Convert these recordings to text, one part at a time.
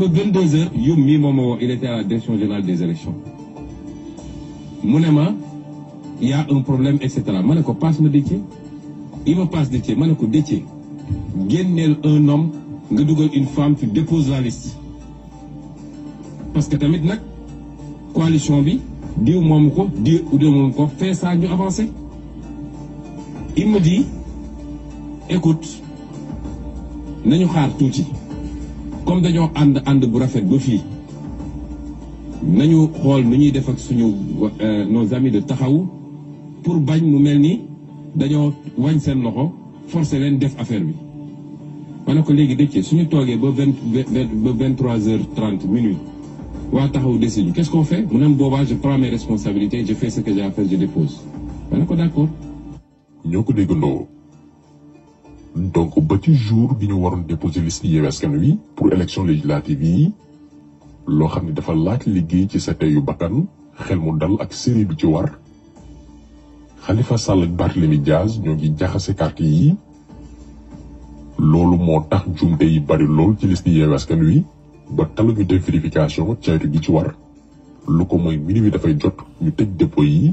ba 22 heures yow Momo, il était à la direction générale des élections mu il y a un problème et cetera passe ma Déthié il me passe Déthié ma ne ko un homme nga une femme tu déposes la liste parce que tamit nag coalition bi diw moomu Dieu ou Dieu moomu ko fais ça ñu avancer il me dit écoute nañu xaar tuuti comme dañoo ànd ànd bu rafet ba fii nañu xool nu ñuy def ak suñu euh, nos amis de taxaw pour bañ mu mel ni dañoo wañ seen loxo forcer leen def affaire bi. ma ne ko léegi si suñu toogee ba vingt ba vingt trois heures trente minutes waa taxaw décide qu'est-ce qu'on fait mu ne boobaa je prends mes responsabilités je fais ce que j'ai à faire je dépose ma ne ko d'accord. ñoo ko donc ba ci jour bi ñu waroon déposer liste Yewwi Askan Wi pour élection législative yi lo xamni dafa laaj liggéey ci sa teyu bakkan xel mu dal ak série bi ci war Khalifa Sall ak Barthélémy Dias ñoo ngi jaxase carte yi loolu moo tax jumte yi bari lool ci liste Yewwi Askan Wi ba talu ñu def vérification caytu gi ci war lu ko mooy minuit dafay jot ñu tej dépôt yi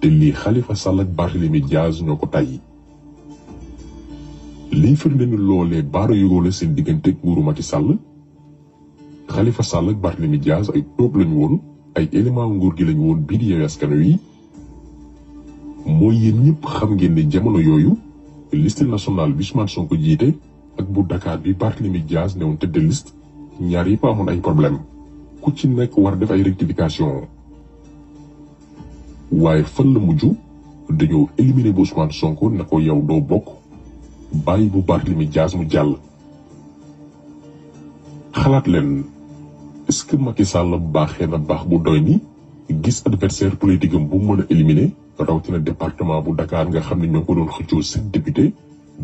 te lii Khalifa Sall ak Barthélémy Dias ñoo ko tàyyi liy firnde ni loolee baara yuroo la seen diggante ak nguuru Macky Sall Khalifa Sall ak Barthélémy Dias ay tóob lañu woon ay élément nguur gi lañu woon biir Yewwi Askan Wi mooy yéen ñëpp xam ngeen di jamono yooyu liste nationale bi Ousmane Sonko jiite ak bu Dakar bi Barthélémy Dias ne woon tëdd liste ñaar yëpp amoon ay problème ku ci nekk war def ay rectification waaye fan la mujj dañoo éliminer bu Ousmane Sonko ne ko yow doo bokk bàyyi bu Barthélemy Dias mu jàll xalaat leen est-ce que Macky Sall baaxee na baax bu doy ni gis adversaire politique am bu mën a éliminer rawatina département bu Dakar nga xam ne ñoo ko doon xëccoo seen député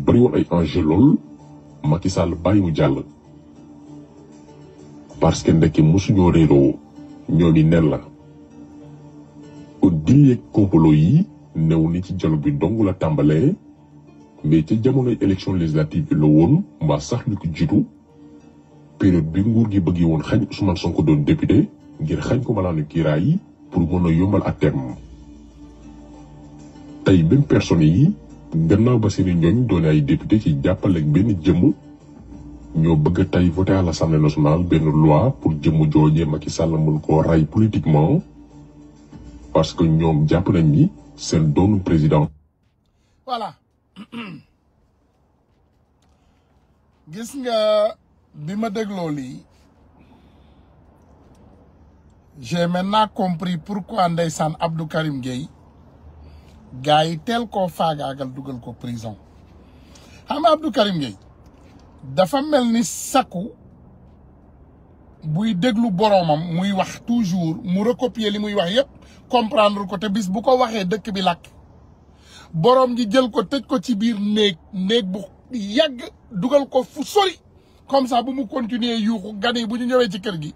bari woon ay enjeu lool Macky Sall bàyyi mu jàll parce que ndekki mosuñoo réeroo ñoo ni nen la au dileeg complot yi néew ni ci dialogue bi dong la tàmbalee mais ca jamonoy élection législative bi la woon waa sax lu ko jiitu période bi nguur gi bëggee woon xañ Ousmane ko doon député ngir xañ ko malaanu kiiraay yi pour mën a yombal à terme tey même personne yi gannaaw ba seeni ñooñ doone ay député ci jàppale ak benn jëmm ñoo bëgg a tey voté à l'Assemblée nationale benn loi pour jëmm joojee ki Sall mën koo rey politiquement parce que ñoom jàpp nañ ni seen doonu président. voilà. gis nga bi ma dégloo lii j'ai maintenant compris pourquoi ndeysaan Abdou Karim Gueye gars yi teel koo faagaagal dugal ko prison xam nga Karim Gueye dafa mel ni sakku buy déglu boroomam muy wax toujours mu recopier li muy wax yépp comprendre ko te bis bu ko waxee dëkk bi làkk borom ji jël ko teg ko ci biir néeg néeg bu yàgg dugal ko fu sori comme ça bu mu continuer yuuxu gan bu ñu ñëwee ci kër gi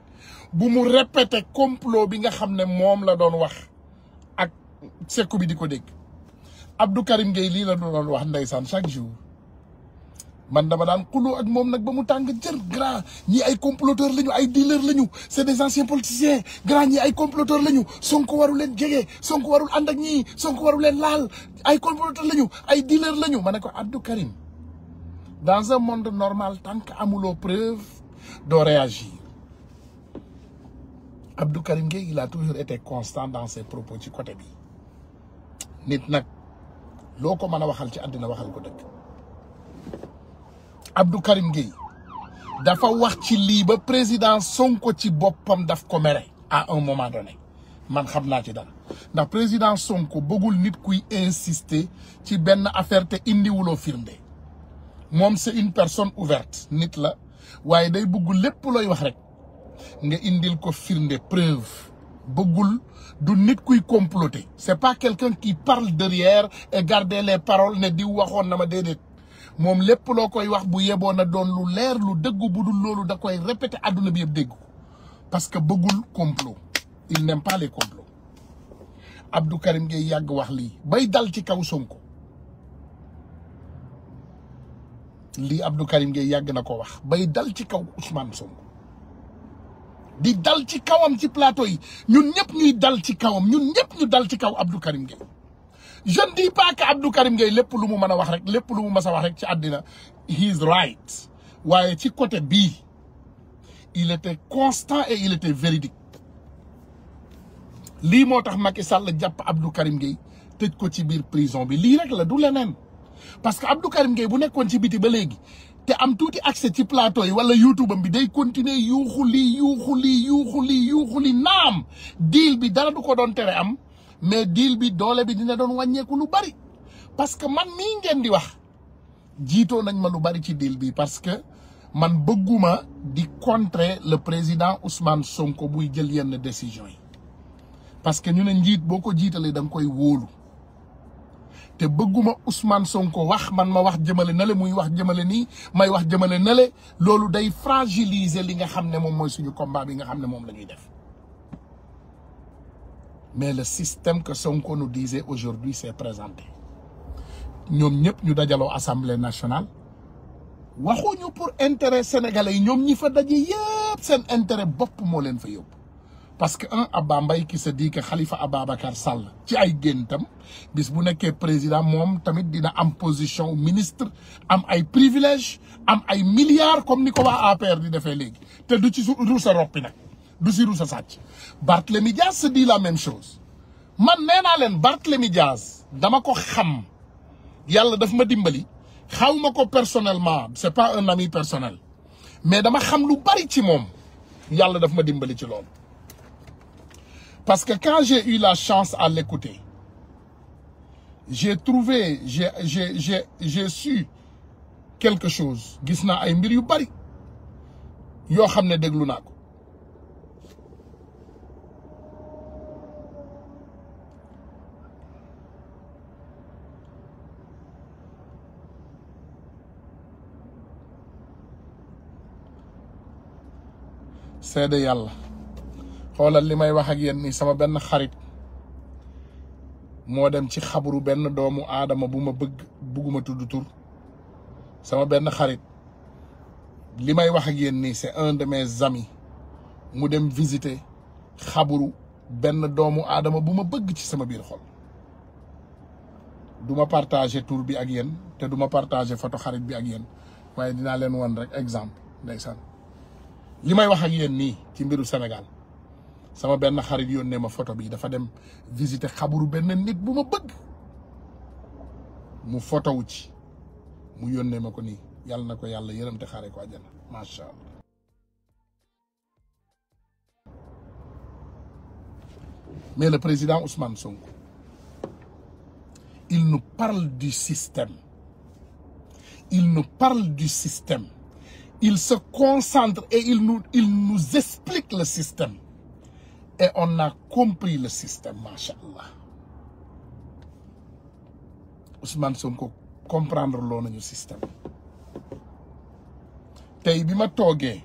bu mu répété complot bi nga xam ne moom la doon wax ak sekku bi di ko dégg Abdou Karim Gueye lii la doon wax ndeysaan chaque jour man dama dan xuloo ak mom nak ba mu tàng jër grand ñi ay comploteur lañu ay dealer lañu c'est des anciens politiciens grand ñi ay comploteur lañu Sonko waru leen jege Sonko warul ànd ak ñii Sonko waru leen laal ay comploteur lañu ay dealer lañu ma ko Abdou Karim dans un monde normal tant que amuloo preuve do réagir Abdou Karim Gueye il a toujours été constant dans ses propos ci côté bi nit nak loko ko waxal ci adina waxal ko dëkk Abdou Karim Gueye dafa wax ci li ba président Sonko ci bopam daf ko mere à un moment donné man xamna ci dara ndax président Sonko bëggul nit kuy insister ci ben affaire indi wulo firnde mom c'est une personne ouverte nit la waye day bëgg lepp loy wax rek nga indil ko firnde preuve bëggul du nit kuy comploter c'est pas quelqu'un qui parle derrière et garder les paroles ne di waxoon na ma déedéet moom lépp loo koy wax bu yeboon na doon lu leer lu dégg bu dul loolu da koy répété àdduna bi yëpp dégg ko parce que bëggul complot il n'aime pas les complots Karim Gueye yàgg wax lii bay dal ci kaw Sonko lii Abdou Karim Gueye yàgg na ko wax bay dal ci kaw Ousmane Sonko di dal ci kawam ci plateau yi ñun ñëpp ñuy dal ci kawam ñun ñëpp ñu dal ci kaw Abdou Karim Gueye je ne dis pas Karim Gueye lépp lu mu mën a wax rek lépp lu mu mës a wax rek ci àddina he right waaye ci côté bii il était constant et il était véridique lii moo tax Macky Sall jàpp Abdou Karim Gueye tëj ko ci biir prison bi lii rek la du leneen parce que Abdou Karim Gueye bu nekkoon ci biti ba léegi te am tuuti accès ci plateau yi wala youtube am bi day continuer yuuxu lii yuuxu lii yuuxu lii yuuxu naam deal bi dara du ko doon tere am mais deal bi doole bi dina doon wàññeeku lu bari parce que man mii ngeen di wax jiitoo nañ ma lu bari ci deal bi parce que man bëgguma di contrer le président Ousmane Sonko buy jël yenn décision yi parce que ñu ne njiit boo ko jiitalee da koy wóolu te bëgguma Ousmane Sonko wax man ma wax jëmale na le muy wax jëmale nii may wax jëmale na le loolu day fragiliser li nga xam ne moom mooy suñu combat bi nga xam ne moom la ñuy def mais le système que Sonko nous disait aujourd'hui s'est présenté Nous sommes ñu à l'Assemblée nationale waxuñu pour intérêt sénégalais Nous avons ñi fa c'est un intérêt parce qu'un un Abba qui se dit que Khalifa Abba Sall ci ay le bis bu président qui a dina am position ministre am ay privilèges am milliards comme Nicolas a perdu APR di defee léegi te du ci Bassirou sa sàcc Barthélemy Diaz se dit la même chose man nena len leen Barthélemy Diaz dama ko xam Yalla daf ma dimbali xaw ko personnellement c'est pas un ami personnel mais dama xam lu bari ci mom. Yalla daf ma dimbali ci lool. parce que quand j'ai eu la chance à l'écouter j'ai trouvé j'ai j'ai j'ai j'ai su quelque chose gis naa ay mbir yu bari yoo xam ne déglu seede yalla xolal limay wax ak yéen ni sama ben xarit mo dem ci xabru ben doomu aadama bu ma bëgg buguma tuddu tur sama ben xarit limay wax ak yéen nii c'est un de mes amis mu dem visiter xabru ben doomu aadama bu ma bëgg ci sama biir xol duma turbi partager tour bi ak yenn te duma partager photo xarit bi ak yenn waye dina len won rek exemple ndaysan li may wax ak yéen nii ci mbiru senegal sama benn xarit yónnee ma photo bii dafa dem visiter xaburu benn nit bu ma bëgg mu fotowu ci mu yónnee ma ko nii yàlla na ko yàlla yërëm te xaare ko àjjana macha allah. mais le président Ousmane Sonko il nous parle du système il se concentre et il nous, il nous explique le système. Et on a compris le système, machallah. Ousmane Sonko comprendre loo nañu système tey bi ma toogee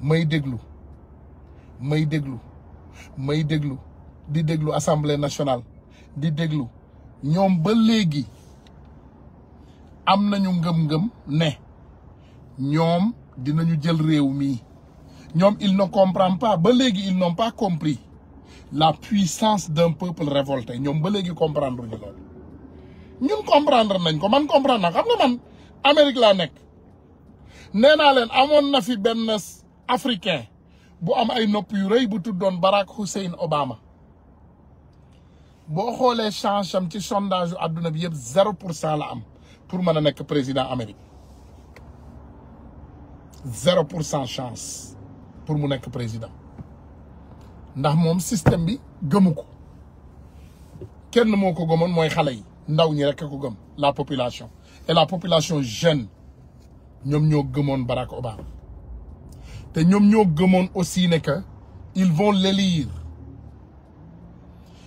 may déglu may déglu may di déglu assemblée nationale di déglu ñoom ba amna am ngëm-ngëm ne ils dinañu jël mi ils ne comprennent pas ils n'ont pas compris la puissance d'un peuple révolté Ils ba légui comprendre ñu lool ñun comprendre nañ ko man comprendre na xam man Amérique la nek. néna len na fi africain bu am ay Barack Hussein Obama Bo xolé change am ci sondage aduna bi pour la pour président Amérique zéro pour cent chance pour mu nekk président ndax moom système bi gëmu ko kenn moo ko gëmoon mooy xale yi ndaw ñi rek ko gëm la population et la population jeune ñoom ñoo gëmoon Barack Obama te ñoom ñoo gëmoon aussi ne ils vont l'élire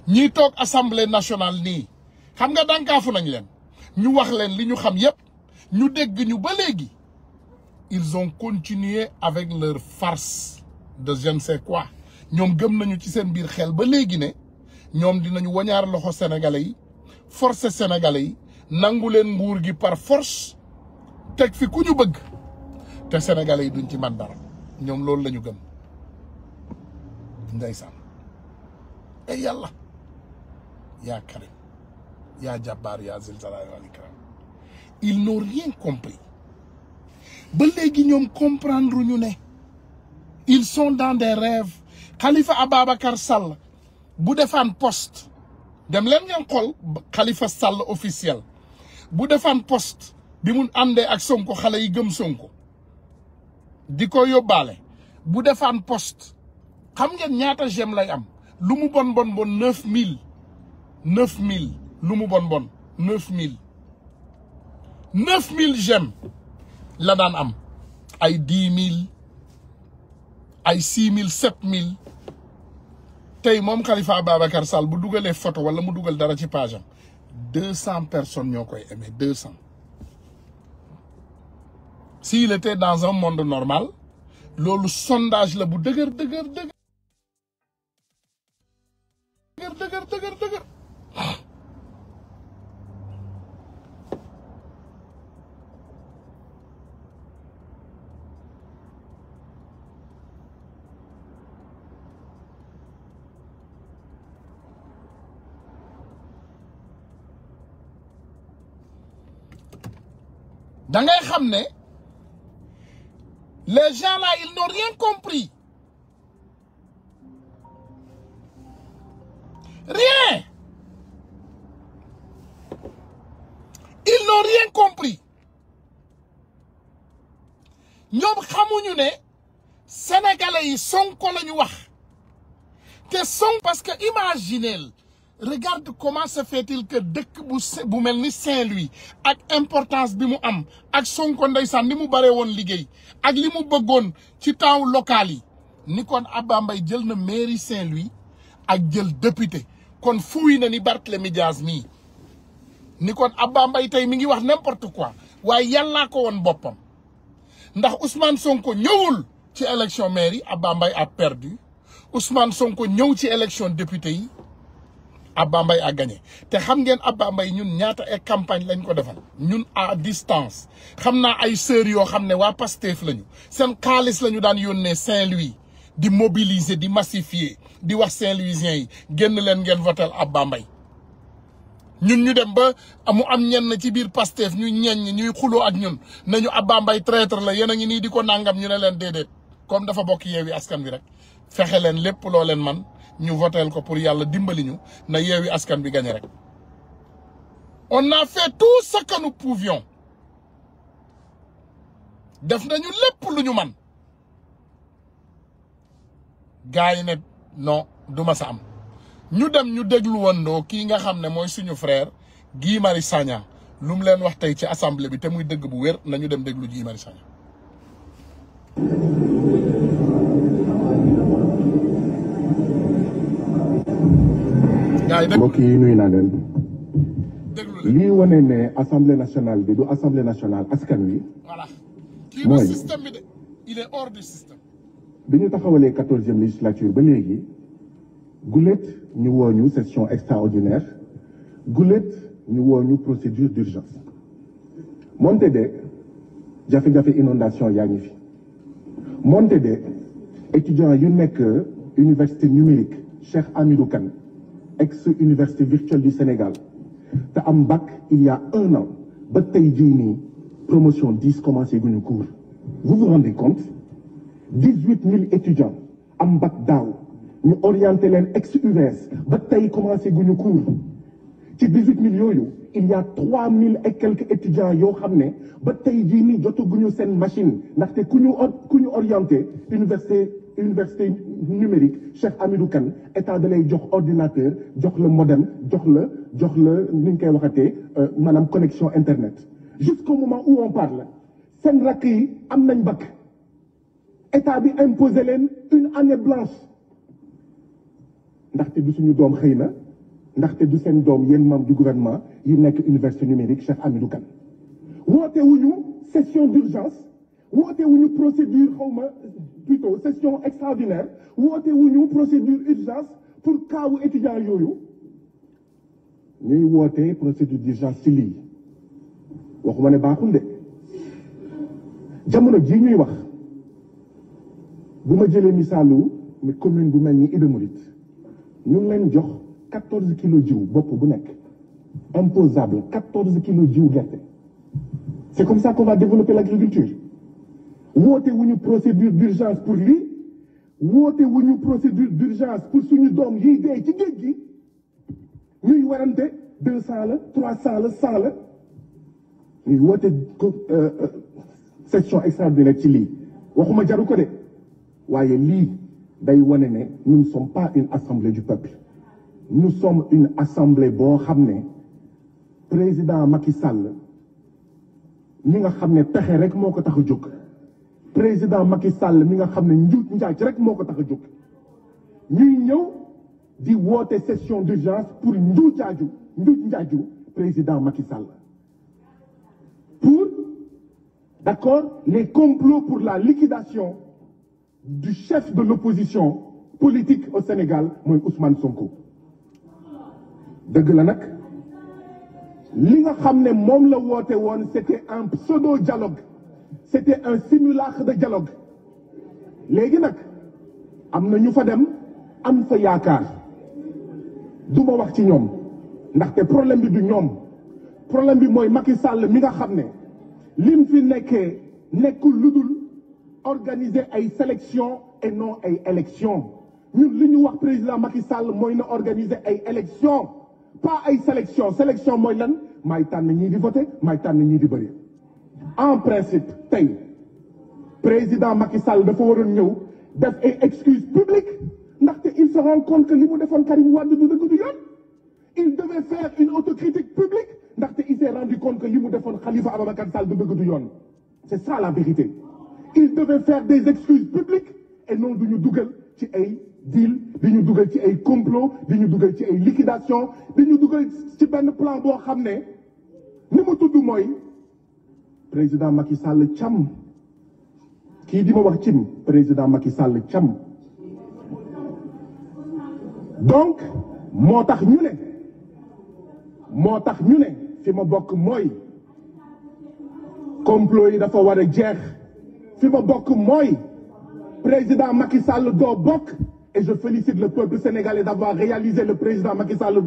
ñiy tok assemblée nationale ni xam nga dànkaafu nañ leen ñu wax leen li ñu xam yépp ñu dégg ñu ba léegi ils ont continué avec leur farce de je ne sais quoi Ñom gëm nañu ci seen biir xel ba légui né ñom dinañu wañaar loxo sénégalais yi sénégalais par force tek fi kuñu bëgg sénégalais duñ ci man dara loolu lañu gëm ndaysan ay yalla ya karim ils n'ont rien compris ba comprendre ils sont dans des rêves Khalifa Ababakar Sall bu post. poste dem leen Khalifa Sall officiel bu poste bi mu un ak Sonko xale post. gëm Sonko di ko poste xam bon bon bon neuf mille la daan am ay dix mille ay six mille sept mille tey moom Khalifa Babacar Sall bu dugalee photo wala mu dugal dara ci page deux cent personnes ñoo koy aimé deux cent s'il était dans un monde normal loolu sondage la bu dëgër dëgër dëgër dëgër dëgër dëgër Dans les gens là ils n'ont rien compris rien ils n'ont rien compris nous que les sénégalais sont Sonko sont sont wax parce que imaginez regarde comment se fait-il que dëkk bu bu melni Saint-Louis ak importance bi mu am ak Sonko ndeysaan ni mu bare won liguey ak li mu ci temps local yi ni kon Abba Mbaye jël na mairie Saint-Louis ak jël député kon fuuy na ni Barthélémy Diaz médias. ni kon Abba Mbaye tay mi ngi wax n'importe quoi way yalla ko won bopam ndax Ousmane Sonko ñewul ci élection mairie Abba Mbaye a perdu Ousmane Sonko ñew ci élection député yi Abba Mbaye a gagné te xam ngeen ab Mbaye ñun ñaata ay campagne lañ ko defal ñun à distance xam naa ay sœurs yoo xam ne waa Pastef lañu seen xaalis lañu daan yónnee Saint-Louis di mobiliser di massifier di wax Saint-Louisiens yi génn leen ngeen votel ab Mbaye ñun ñu dem ba mu am ñenn ci biir Pastef ñu ñeññ ñuy xuloo ak ñun nañu ab Mbaye traître la yéen ñi nii di ko nangam ñu ne leen déedéet comme dafa bokk yi askan wi rek fexe leen lépp loo leen man ñu voter ko pour yalla dimbali ñu na yewi askan bi Ona rek on a fait tout ce que nous pouvions def nañu lepp lu ñu man gaay ne non duma sa am ñu dem ñu deglu wando ki nga xamne moy suñu frère Gi mari Sagna lu mu leen wax tay ci assemblée bi te muy deug bu nañu dem deglu gi Marius Sagna mbokk yi nuyu naa leen lii wane ne assemblée nationale bi du assemblée nationale askan wi système. bi ñu taxawalee quatorzième législature ba léegi gulet ñu woo session extraordinaire gulet ñu woo procédure d'urgence moonte de jafe-jafe inondation yaa ngi fi étudiant yu nekk université numérique Cheikh Amidou Kane ex-université virtuelle du Sénégal. Tu bac il y a un an. bataille promotion 10 commence à cours. Vous vous rendez compte 18 000 étudiants en bac Nous orientés ex-UVS. commence à cours. 18 000, il y a 3 000 et quelques étudiants qui ont des Mais aujourd'hui, nous avons une machine. Nous avons orienté université université numérique chef Amidou Kan, état de lay jox ordinateur jox le modem jox le jox la ni koy euh, connexion internet jusqu'au moment où on parle c'est un yi am nañ bac état bi imposé une année blanche ndaxte du suñu dom xeyna, na ndaxte du sen dom yeen membre du gouvernement yi qu'une université numérique chef Amidou Kan. Woté wuñu session d'urgence woote wuñu procédure plutôt session extraordinaire que wuñu procédure urgence pour kaawu étudiant Nous ñuy une procédure d'urgence waxuma ne Nous avons ñuy wax me mais commune Nous Mouride kilos bu imposable 14 kilos c'est comme ça qu'on va développer l'agriculture woote wu procédure d'urgence pour lui, woote wu procédure d'urgence pour suñu dom, yiy dee ci géej gi ñuy warante deux cent la trois salles, la salles, la ñuy woote euh, euh, section extraordinaire ci lii waxuma jaru ko de vous lii day vous ne nous ne sommes pas une assemblée du peuple nous sommes une assemblée boo xam le président Macky Sall nous nga xam ne pexe rek moo président Macky Sall mi nga xamné ne njuut rek nous, session d'urgence pour nous, njaaju président Macky Sall pour d'accord les complots pour la liquidation du chef de l'opposition politique au Sénégal Ousmane Sonko deug la que li nga xamné la c'était un pseudo dialogue c'était un simulacre de dialogue Les nak nous ñu fa dem am fa yaakaar duma wax ci ndax té problème bi du problème bi moy Macky Sall mi nga xamné lim fi organiser ay sélection et non ay élection ñun li ñu wax président Macky Sall na organiser ay élection pas ay sélection sélection moy lan may tan ñi di en principe le président Macky Sall de faire ñëw def une excuse publique il se rend compte que li de defoon Karim Wade du il devait faire une autocritique publique il s'est rendu compte que li de defoon Khalifa Ababacar Sall c'est ça la vérité il devait faire des excuses publiques et non du nous faire ci deal de nous ci complot de nous ci ay liquidation nous faire ci plan de xam ne ni mu président Macky Sall Qui dit dit wax président Macky Sall donc motax ñu né motax ñu né fi ma bokk Bok complot président Macky Sall et je félicite le peuple sénégalais d'avoir réalisé le président Macky Sall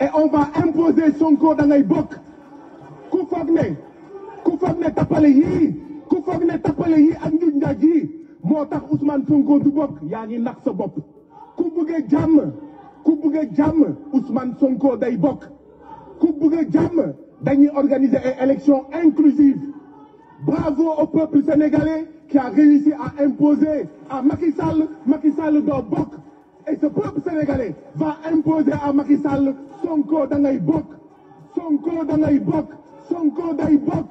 et on va imposer son code dans les ku ku foog ne tappale yii ku foog ne tappale ak njuñ njaaj yii Ousmane Sonko du bokk yaa ngi nax sa bopp ku ku Ousmane Sonko day bokk ku bëgg dañuy organiser ay élections inclusives bravo au peuple sénégalais qui a réussi à imposer à Macky Sall Macky Sall doo bokk et ce peuple sénégalais va imposer à Macky Sall Sonko da ngay bokk Sonko da ngay bokk Sonko day bokk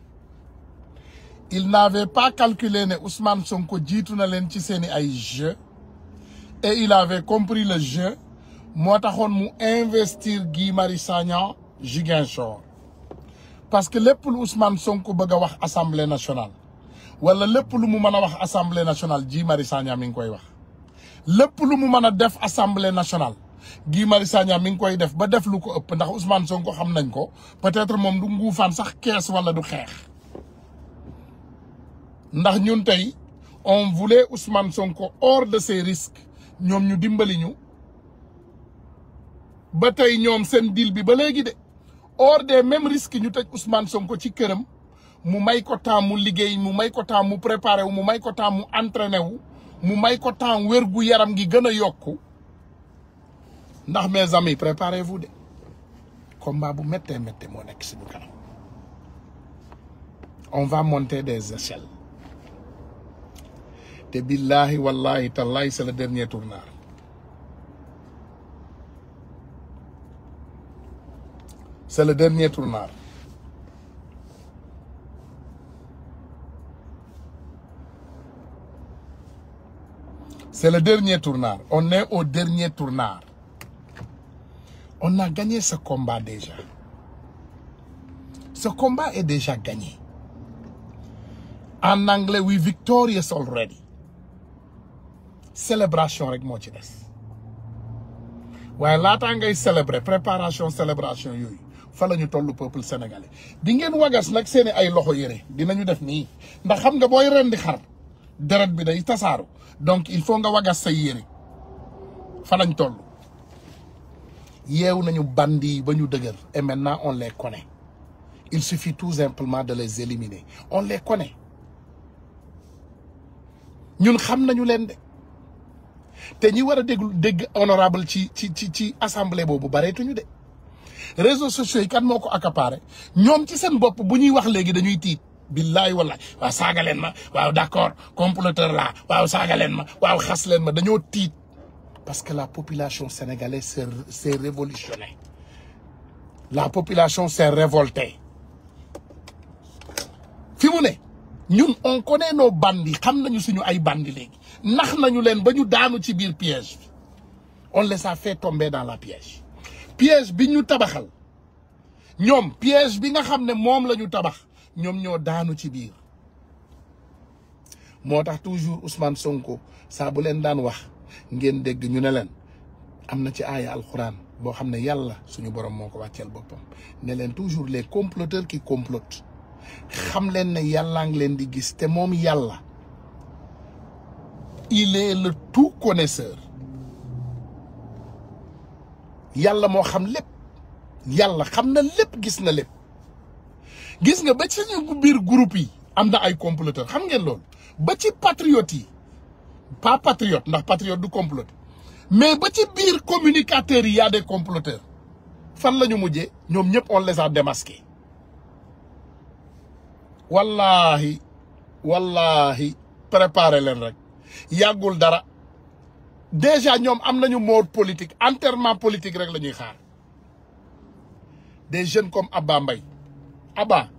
il n'avait pas calculé ne Ousmane Sonko dit na le ci seeni jeu et il avait compris le jeu Moi, a mu investir Guy Marius Sagna parce que le lu Ousmane Sonko est wax assemblée nationale ou le lu mu est a wax assemblée nationale Guy Marius Sagna mi le koy wax assemblée nationale Guy Marius Sagna mi ngi koy def ba def Ousmane Sonko xam nañ peut-être moom du pas sax caisse wala du xeex ndax ñun tey on voulait Ousmane Sonko hors de ses ñoom ñu dimbali ñu ba tey ñoom seen deal bi ba léegi de hors des mêmes risques ñu tëj Ousmane ko ci këram mu may ko temps mu liggéey mu may ko temps mu préparé wu mu may ko temps mu entraîné wu mu may ko temps wér yaram ngi gën a yokku ndax mes amis préparez-vous de combat bu méttee méttee moo nekk suñu kanam on va monter des échelles c'est le dernier tournoi. c'est le dernier tournoi. C'est le dernier tournoi. On est au dernier tournard. On a gagné ce combat déjà. Ce combat est déjà gagné. En anglais, we victorious already célébration rek mo ci dess waaye laataa ngay célébrer préparation célébration yoy fa lañu tollu peuple sénégalais di ngeen wagas nak seeni ay loxo yére dinañu def ni ndax xam nga booy rendi xar deret bi day tassaru donc il faut nga wagas sa yéré fa lañu tollu yeew nañu bandi bañu deuguer et maintenant on les connaît il suffit tout simplement de les éliminer on les connaît ñun xam nañu len de té ñi wara dégg dégg honorable ci ci ci ci assemblée baré tuñu dé réseaux sociaux yi kan moo ko accaparé ñoom ci seen bop bu ñuy wax légui dañuy tiit billahi wallahi wa sagalen ma wa d'accord comploteur là, wa sagalen ma wa xas len ma dañoo tiit parce que la population sénégalaise s'est révolutionnée la population s'est révoltée fi mu ñun on connaît nos bandits xam nañu suñu ay bandits léegi nax nañu leen ba ñu daanu ci biir piège on les a fait tomber dans la piège piège bi ñu tabaxal ñoom piège bi nga xam ne moom la ñu tabax ñoom ñoo daanu ci biir moo toujours Ousmane Sonko saa bu leen daan wax ngeen dégg ñu ne leen am na ci aaya alxuraan boo xam ne yàlla suñu borom moo ko wàcceel ne leen toujours les comploteurs qui complote xam ne yalla ngi di gis te yalla il est le tout connaisseur Yalla mo xam lepp yalla xam na lepp gis na lepp gis nga ba ci groupe yi ay comploteur xam ngeen lool ba ci patriote pas patriote ndax patriote du complote mais ba ci Communicateur, il y des comploteurs fan on les a wallahi wallahi préparez len rek yagul dara déjà ñom amnañu mort politique enterrement politique rek lañuy xaar des jeunes comme Abba Abba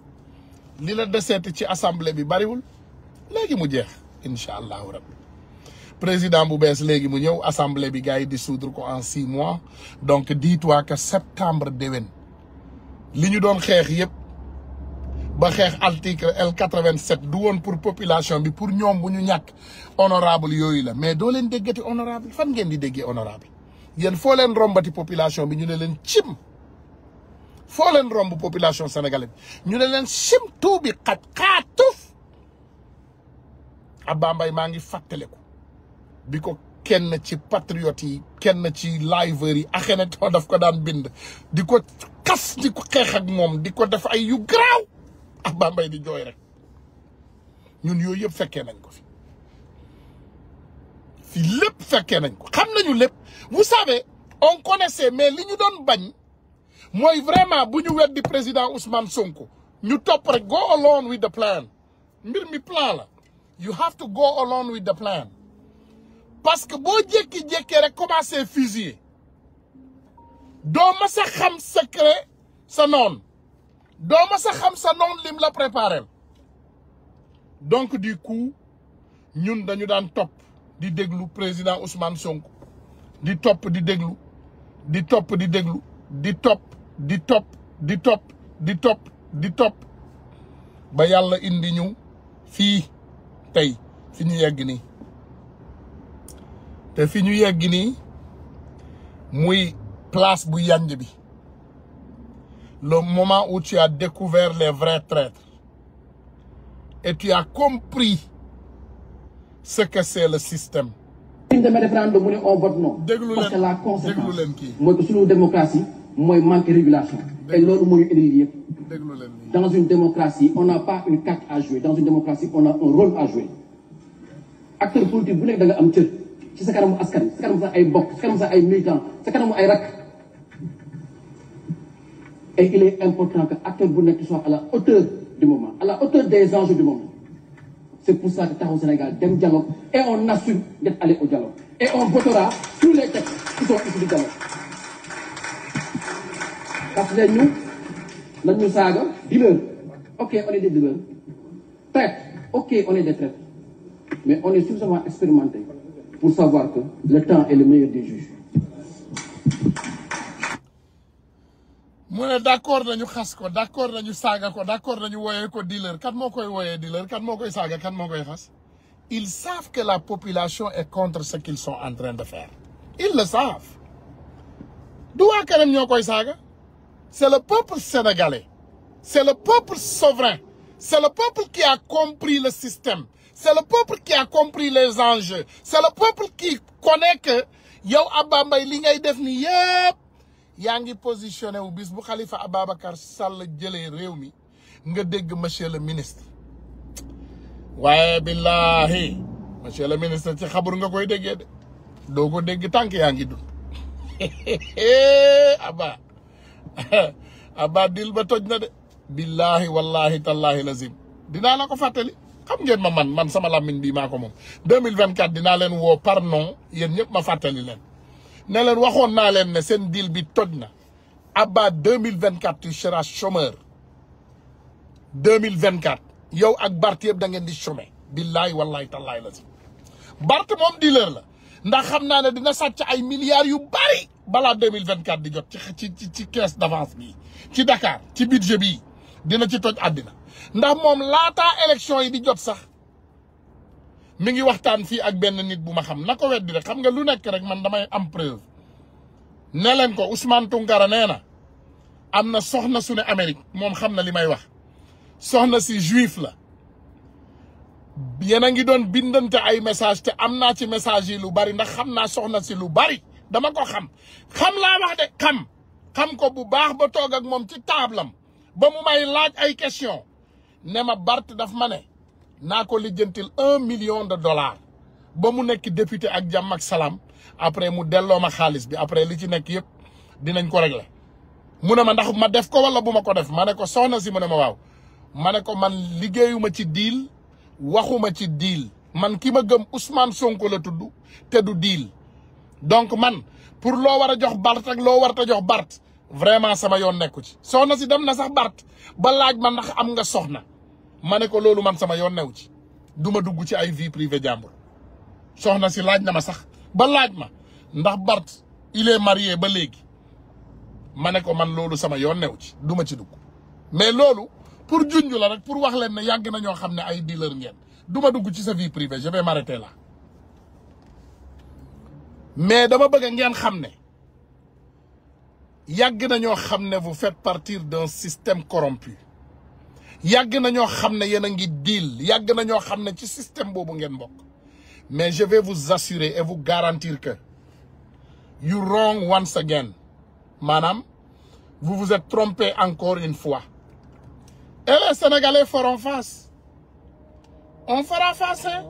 li la deseeti ci assemblée bi bariwul légui mu jeex inshallah rabbi président bu bess légui mu ñew assemblée bi gars dissoudre ko en 6 mois donc dis-toi que septembre dewen liñu ñu doon xeex yëpp ba xeex article L quatre-vingt-sept du woon pour population bi pour ñoom bu ñu ñàkk honorable yooyu la mais doo leen déggati honorable fan ngeen di déggee honorable yéen foo leen rombati population bi ñu ne leen cim foo leen romb population sénégalaise ñu ne leen cim tuubi xaj xaatuf Abba Mbaye maa ngi fàttale fàttaliku bi ko kenn ci patriote yi kenn ci liveur yi axénéton daf ko daan bind di ko kas di ko xeex ak moom di ko def ay yu garaaw ak bambay di joy rek ñun yoy yëpp fekkee nañ ko fi fi lepp fekkee nañ ko xam nañu lepp vous savez on connaissait mais li ñu doon bañ moy vraiment buñu wéddi président Ousmane Sonko ñu top rek go along with the plan mbir mi plan la you have to go along with the plan parce que bo jékki-jékkee rek commencé fusiller do ma sa xam secret sa non je ma sa xam sa préparé. la donc du coup ñun dañu daan top, di déglu président Ousmane Sonko di top di déglu di top di déglu di top top top top indi fi, fi ñu yegg te place le moment où tu as découvert les vrais traîtres et tu as compris ce que c'est le système. demee référendum mu ne on vote non. déglu leen parce que la conséquence mooy que une démocratie mooy manque régulation. et loolu moo ñu indi lii yëpp. déglu dans une démocratie on n'a pas une carte à jouer dans une démocratie on a un rôle à jouer acteur politique bu nekk da nga am cër ci sa kanamu askan sa kanamu sa ay bokk sa kanamu sa ay militants sa kanamu ay rakk. Et il est important que acteur Bounek soit à la hauteur du moment, à la hauteur des enjeux du moment. C'est pour ça que Taro Sénégal un dialogue et on assume d'être allé au dialogue. Et on votera tous les textes qui sont issus du dialogue. Parce que nous, nous nous Ok, on est des dealers. Traite. Ok, on est des traites. Mais on est suffisamment expérimenté pour savoir que le temps est le meilleur des juges ils savent que la population est contre ce qu'ils sont en train de faire ils le savent C'est le peuple sénégalais C'est le peuple souverain C'est le peuple qui a compris le système C'est le peuple qui a compris les enjeux C'est le peuple qui connaît que yow Abba li ngay yaa ngi positionné wu bis bu Khalifa Ababacar salla jële réew mi nga dégg monsieur le ministre waaye billahi monsieur le ministre ci xabur nga koy déggee de doo ko dégg tànk yaa ngi aba abba abba dil ba toj na de billahi wallahi tallahi lazim dinaa la ko fattali xam ngeen ma man man sama làmmiñ bii maa ko moom 2024 dinaa leen woo par non yéen ñëpp ma fàttali leen ne leen waxoon naa leen ne seen deal bi toj na Abba 2024 tu seras chômeur 2024 yow ak Bart yëpp da ngeen di chômer billaay wallaay tallaay la si Bart moom dealer la ndax xam naa ne dina sàcc ay milliards yu bari balaa 2024 di jot ci ci ci caisse d'avance bi ci Dakar ci budget bii dina ci toj àddina ndax moom laata élection yi di jot sax mu ngi waxtaan fii ak benn nit bu ma xam na ko weddi rek xam nga lu nekk rek man damay am preuve ne leen ko Ousmane ngara nee na am na soxna su ne Amérique moom xam na li may wax soxna si juif la yéen a ngi doon bindante ay message te am naa ci message yi lu bari ndax xam naa soxna si lu bari dama ko xam xam laa wax de xam xam ko bu baax ba toog ak moom ci taablam ba mu may laaj ay question ne ma Bart daf ma ne nako lijeentil 1 million de dollars ba mu nek député ak jam ak salam après mu delloo ma xaalis bi après li ci nek yëpp dinañ ko régler mu ne ma ndax ma def ko wala buma ko def ma ko soxna si mu ne ma waw ma ko man liggéeyuma ci deal waxuma ci deal man kima ma gëm Ousmane Sonko la tuddu te du deal donc man pour lo wara jox Bart ak lo warta jox Bart vraiment sama yon nekku ci soxna si dem na sax Bart ba laaj man ndax am nga soxna ma ne ko loolu man sama yoon new ci duma dugg ci ay vie privée jàmbur soxna si laaj na ma sax ba laaj ma ndax Bart il est ba léegi ma ne ko man loolu sama yoon new ci du ma ci dugg mais loolu pour junj la rek pour wax leen ne yàgg na ñoo xam ne ay dealer ngeen du ma dugg ci sa vie privée je vais m'arrêter là mais dama bëgg ngeen xam ne yàgg na ñoo xam ne vous faites partir d'un système corrompu yag na xamné yena a ngi deal yag na xamné ci système bobu ngeen mais je vais vous assurer et vous garantir que you wrong once again Madame, vous vous êtes trompé encore une fois et les Sénégalais feront face on fera face hein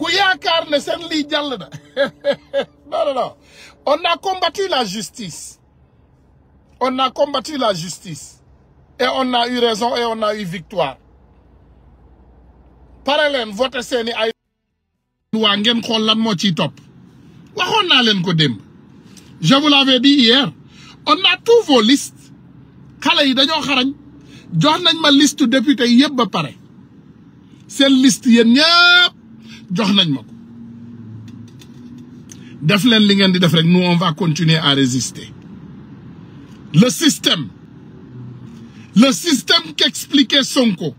non non on a combattu la justice on a combattu la justice et on a eu raison et on a eu victoire. Parallèlement, votre voté seeni ay loi ngeen xool lan moo ciy top. waxoon naa ko je vous l'avais dit hier on a tous vos listes Quand yi dañoo xarañ jox nañ ma liste député yëpp ba pare C'est liste yéen ñëpp jox nañ ma ko def li di def nous on va continuer à résister le système le système qu'expliquait Sonko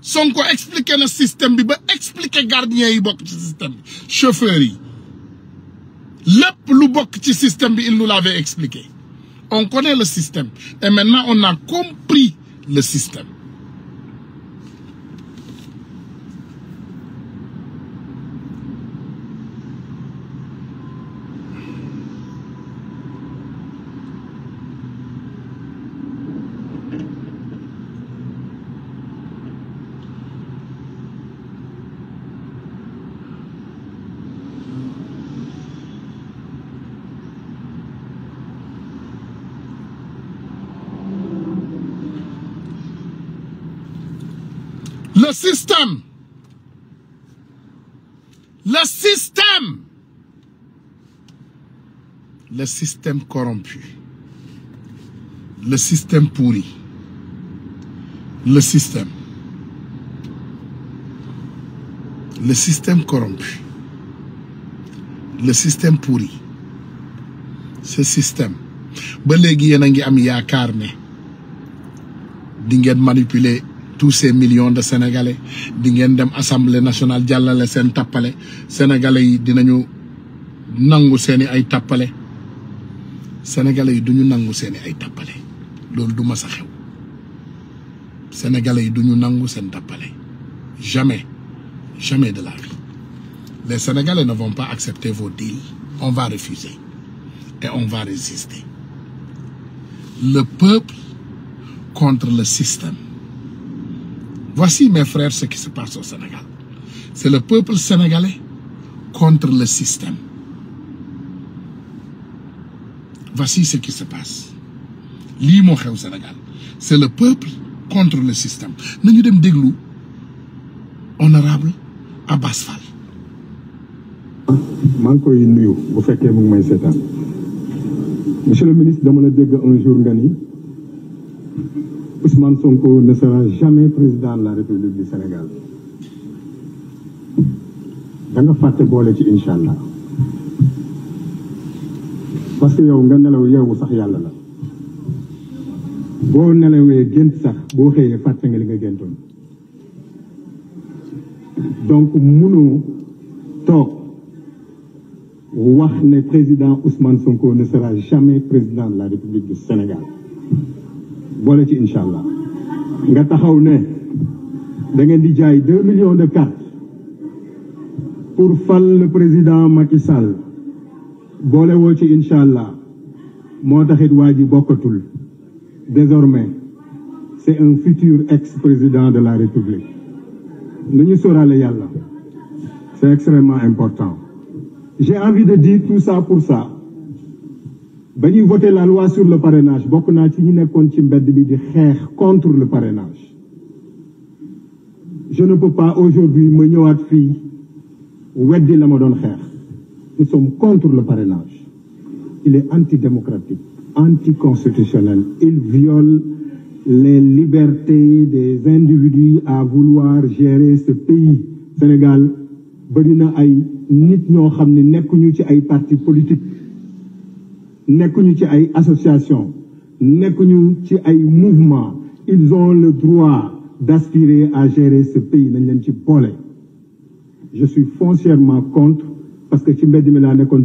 Sonko expliquait le système Il expliquait gardien yi système le chauffeur système il nous l'avait expliqué on connaît le système et maintenant on a compris le système système le système le système corrompu le système pourri le système le système corrompu le ba léegi yéen a ngi am yaakaar ne dingeen ngeen tous ces millions de sénégalais di ngeen dem assemblée nationale jallale sen tapalé, sénégalais yi dinañu nangu seeni ay tapalé. sénégalais yi duñu nangu seeni ay tapalé. loolu du mas xew sénégalais yi duñu nangu tapalé. jamais jamais de la vie les sénégalais ne vont pas accepter vos deals on va refuser et on va résister le peuple contre le système Voici, mes frères, ce qui se passe au Sénégal. C'est le peuple sénégalais contre le système. Voici ce qui se passe. au Sénégal c'est le peuple contre le système Nous dem déglu honorable Abbas Fall maa monsieur le ministre je un jour Ousmane Sonko ne sera jamais président de la République du Sénégal da nga fàtte ci incha parce que yow avez nelaw yow sax yàlla la boo sax donc mënoo toog wax ne président Ousmane Sonko ne sera jamais président de la République du Sénégal bolé ci inshallah nga taxaw millions de cartes pour fal le président Macky Sall Vous wo ci inshallah mo taxit désormais c'est un futur ex-président de la République nous ñu yalla c'est extrêmement important j'ai envie de dire tout ça pour ça ba voté la loi sur le parrainage bokk naa ci ñi nekkoon ci mbedd bi di contre le parrainage je ne peux pas aujourd'hui ma ñëwaat fii weddi la ma doon xeex nous sommes contre le parrainage il est antidémocratique anticonstitutionnel il viole les libertés des individus à vouloir gérer ce pays Sénégal bëri na ay nit ñoo xam ne ci ay partis politiques nous ci ay association nous ci ay mouvement ils ont le droit d'aspirer à gérer ce pays je suis foncièrement contre parce que je di ko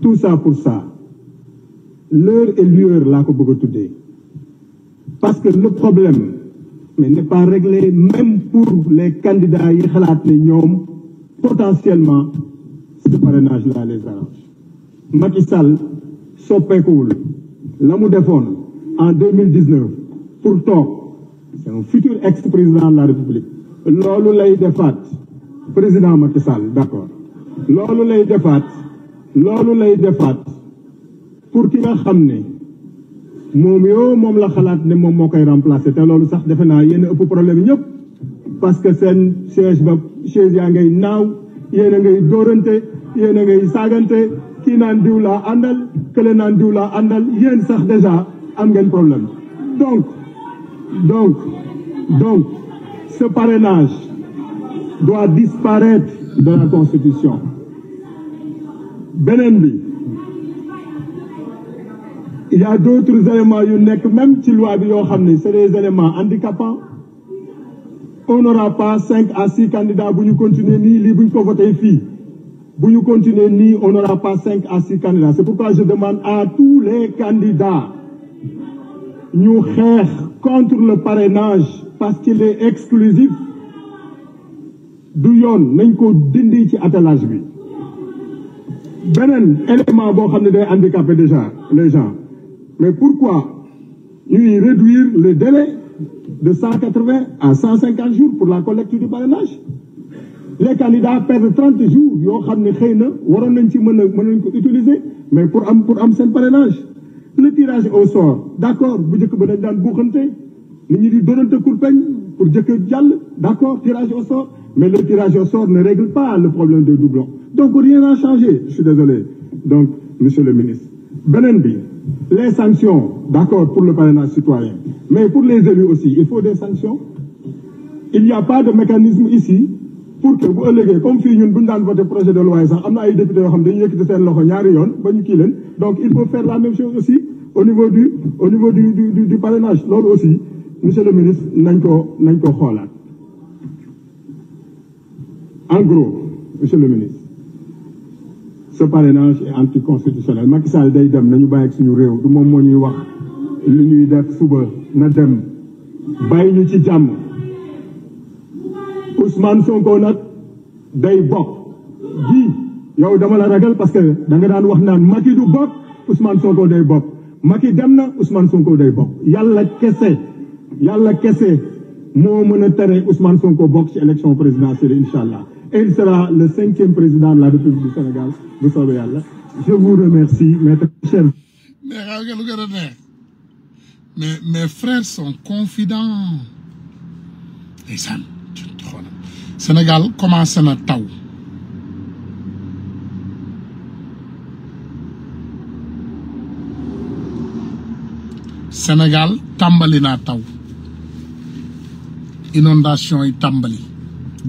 tout ça pour ça l'heure et l'heure là vous vous parce que le problème n'est pas réglé même pour les candidats qui ont potentiellement ce parrainage-là les arrange Macky Sall soppeekuwul la des en 2019 Pourtant, c'est un futur ex-président de la République loolu lay defaat président Macky Sall d'accord loolu lay defaat loolu lay defaat pour ki nga Mon mieux, mon yoo la mot ne remplacé. pas remplacé. remplacer te de sax defe problème parce que sen siège ba chez yangay naw naaw a ngay dóorante yéen ngay saagante ki nan diw laa àndal kële nan diw laa andal yéen sax déjà am ngeen problème donc donc donc ce parrainage doit disparaître de la constitution bien bi il y a d'autres éléments yu même ci loi bi yoo c'est des éléments handicapants on n'aura pas cinq à six candidats pour nous continuer ni lii bu ko voté nous continuer on n'aura pas cinq à six candidats c'est pourquoi je demande à tous les candidats nous faire contre le parrainage parce qu'il est exclusif du yoon dindichi à dindi ci attelage bi un élément bon, xam day handicaper déjà les gens mais pourquoi nous réduire le délai de 180 à 150 jours pour la collecte du parrainage les candidats perdent 30 jours ils ont ne xëy nañ utiliser mais pour un pour parrainage le tirage au sort d'accord, vous bu dañ pour dire que d'accord, D'accord. tirage au sort mais le tirage au sort ne règle pas le problème de doublons donc rien n'a changé je suis désolé donc monsieur le ministre les sanctions d'accord, pour le parrainage citoyen mais pour les élus aussi, il faut des sanctions. Il n'y a pas de mécanisme ici pour que vous alliez comme si vous projet de loi donc il faut faire la même chose aussi au niveau du au niveau du du du, parrainage aussi monsieur le ministre ko pas. en gros monsieur le ministre ce parrainage est anticonstitutionnel du li ñuy def suba na dem bay ñu ci jàmm Ousmane Sonko nag day bokk yow dama la ragal parce que da nga daan wax naan Macky du bokk Ousmane Sonko day bokk Macky dem na Ousmane Sonko day bokk yàlla kese yàlla kese moo mën a tere Ousmane Sonko bokk ci élection présidentielle incha allah et il sera le cinquième président de la République du Sénégal bu soobee yàlla je vous remercie maître cher mes, mes frères sont confidents Sénégal commence na taw Sénégal tambalé na taw inondation tambalé. tambali.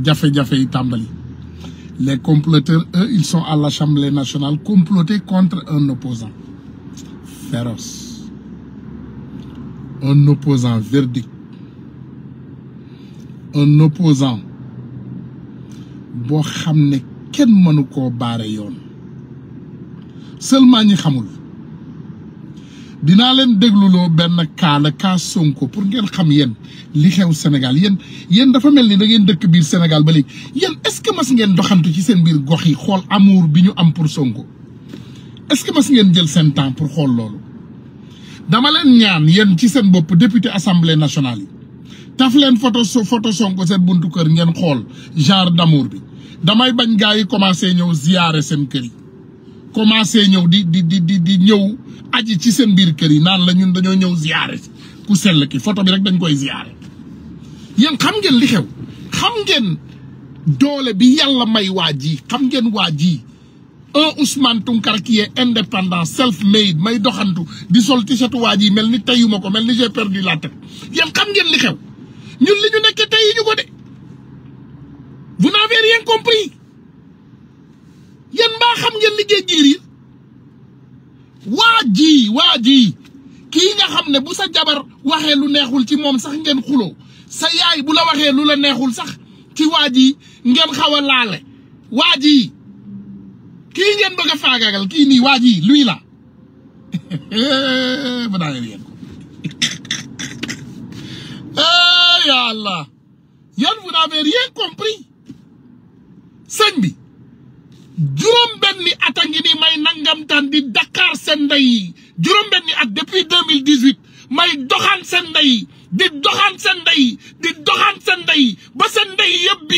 Jafé, Jafé, fait, tambali. les comploteurs eux ils sont à l'Assemblée nationale complotés contre un opposant féroce un opposant verdict un opposant boo xam ne kenn mënu koo baare yoon seulement ñi xamul dinaa leen dégluloo benn cas la cas pour ngeen xam yéen li xew Sénégal yéen yéen dafa mel ni da ngeen dëkk biir Sénégal ba léegi yéen est-ce que mas ngeen doxantu ci seen biir gox yi xool amour bi ñu am pour Sonko est-ce que mas ngeen jël seen temps pour xool loolu dama leen ñaan yéen ci seen bopp député assemblée nationale yi taf leen photo photo Sonko seen buntu kër ngeen xool genre d'amour bi damay bañ gaa yi commencé ñëw ziyaare seen kër yi commencé ñëw di di di di di ñëw aji ci seen biir kër yi naan la ñun dañoo ñëw ziyaare ku sell ki photo bi rek dañ koy ziyaare yéen xam ngeen li xew xam ngeen doole bi yàlla may waa ji xam ngeen waa ji un Ousmane Tounkara qui est indépendant self-made may doxantu di sol ci setu waaj yi mel ni teyuma ko mel ni j'ai perdu la tête yéen xam ngeen li xew ñun li ñu nekkee tey ñu ko de vous n'avez rien compris yéen mbaa xam ngeen liggéey jiir waa ji waa ji kii nga xam ne bu sa jabar waxee lu neexul ci moom sax ngeen xuloo sa yaay bu la waxee lu la neexul sax ci waa ji ngeen xaw a laale waa ji kii ngeen bëgg a faagaagal kii nii waa ji luy la ba daa ngeen ko eh, ya Allah rien compris sëñ bi juróom benni a ngi nii may nangamtaan di Dakar seen ndey juróom benni at depuis deux mille dix huit may doxaan seen ndey di doxaan seen ndey ba seen ndey yëpp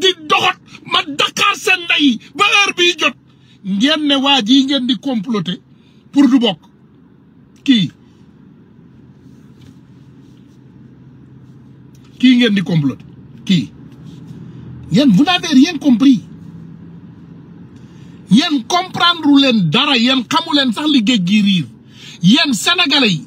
di doxot ma Dakar seen ndey ba heure ngeen ne waa jii ngeen di comploter pour du bokk kii kii ngeen di comploter kii yéen vous n'avez rien compris yéen comprendre leen dara yéen xamu leen sax li géej gi riir yéen sénégalais yi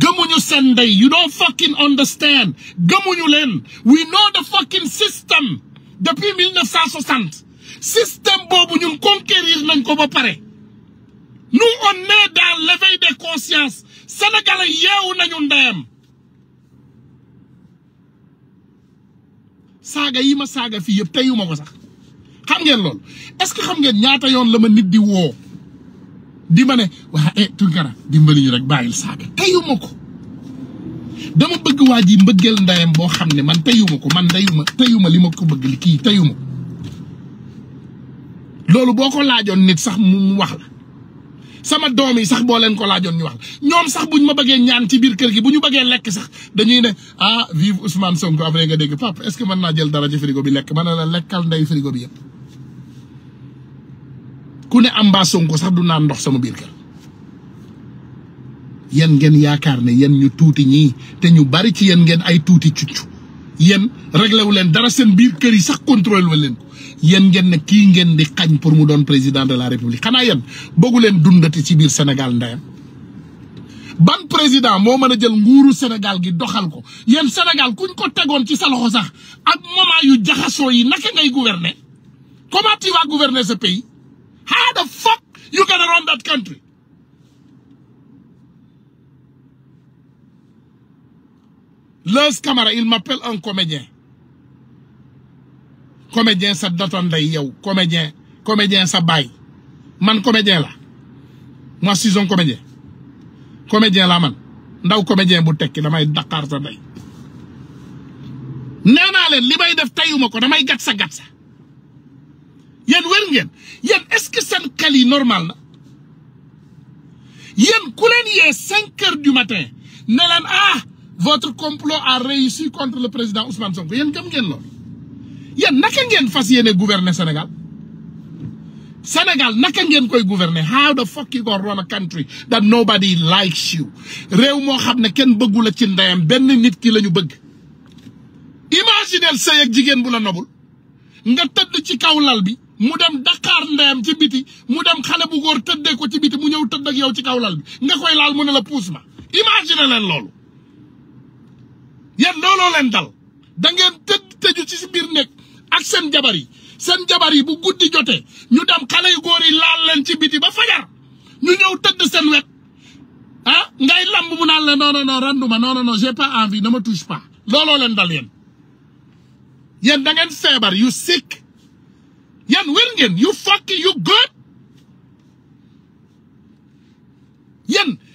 gëmuñu seen ndey you don't fucking understand gëmuñu leen we know the fucking system depuis 1960 système boobu ñun conquérir nañ ko ba pare nous on est dans l'éveil des consciences sénégalais yeewu nañu ndeyam saaga yi ma saaga fii yëpp teyuma ko sax xam ngeen loolu est-ce que xam ngeen ñaata yoon la ma nit di woo di ma ne waa eh Tounkara dimbali ñu rek bàyyil saaga teyuma ko dama bëgg waa ji mbëggeel ndeyam boo xam ne man teyuma ko man teyuma teyuma li ma ko bëgg li kii teyuma loolu boko ko nit sax mu wax sama domi yi sax bo len ko laajoon ñu wax ñom sax buñ ma bëgge ñaan ci biir kër gi buñu bëgge lek sax dañuy ne ah vive Ousmane Sonko après nga dégg pap est-ce que man na jël dara ci frigo bi lek man na lekkal ndey frigo bi yépp ku ne am ba Sonko sax du naan ndox sama biir kër yéen ngeen yaakar ne yéen ñu tuuti ñi te ñu bari ci ngeen ay tuuti cuccu yéen réglé wu leen dara seen biir kër yi sax contrôlé wu leen ko yéen ngeen ne kii ngeen di xañ pour mu doon président de la république xanaa yéen bëggu leen dundati ci biir Sénégal ndeyam. ban président moo mën a jël nguuru Sénégal gi doxal ko yéen Sénégal kuñ ko tegoon ci sa loxo sax ak moment yu jaxasoo yi naka ngay gouverner comment tu vas gouverner ce pays how the fuck you gonna that country Lance Camara il m'appelle un comédien comédien sa datoon day comédien comédien ça baille. man comédien là. moi suis un comédien comédien là, man ndaw comédien bu tekki damay Dakar sa day nee naa leen li may def tayuma ko damay gat sa gat sa yéen wér ngeen yen est-ce que seen xel normal na yéen ku leen yee cinq du matin ne ah votre complot a réussi contre le président Ousmane Sonko yéen gëm ngeen loolu yéen naka ngeen fas yéene gouverner senegal senegal naka ngeen koy gouverner how the fuck you gonna run a country that nobody likes you réew moo xam ne kenn bëggu la ci ndeyam benn nit ki lañu bëgg imaginel sëy ak jigéen bu la nobul nga tëdd ci kaw lal bi mu dem daqaar ndeyam ci biti mu dem xale bu góor tëddee ko ci biti mu ñëw tëdd ak yow ci kaw lal bi nga koy laal mu a la puus ma imagine loolu yéen looloo leen dal da ngeen tëdd tëju ci si biir nekk ak seen jabar yi seen jabar yi bu guddi jotee ñu dem xale yu góor yi laal leen ci biti ba fajar ñu ñëw tëdd seen wet a ah ngay làmb mu naan la non non non renduma non non non j'ai pas envie ne me touche looloo leen dal yéen yéen da ngeen feebar you sick yéen wér ngeen you fuck you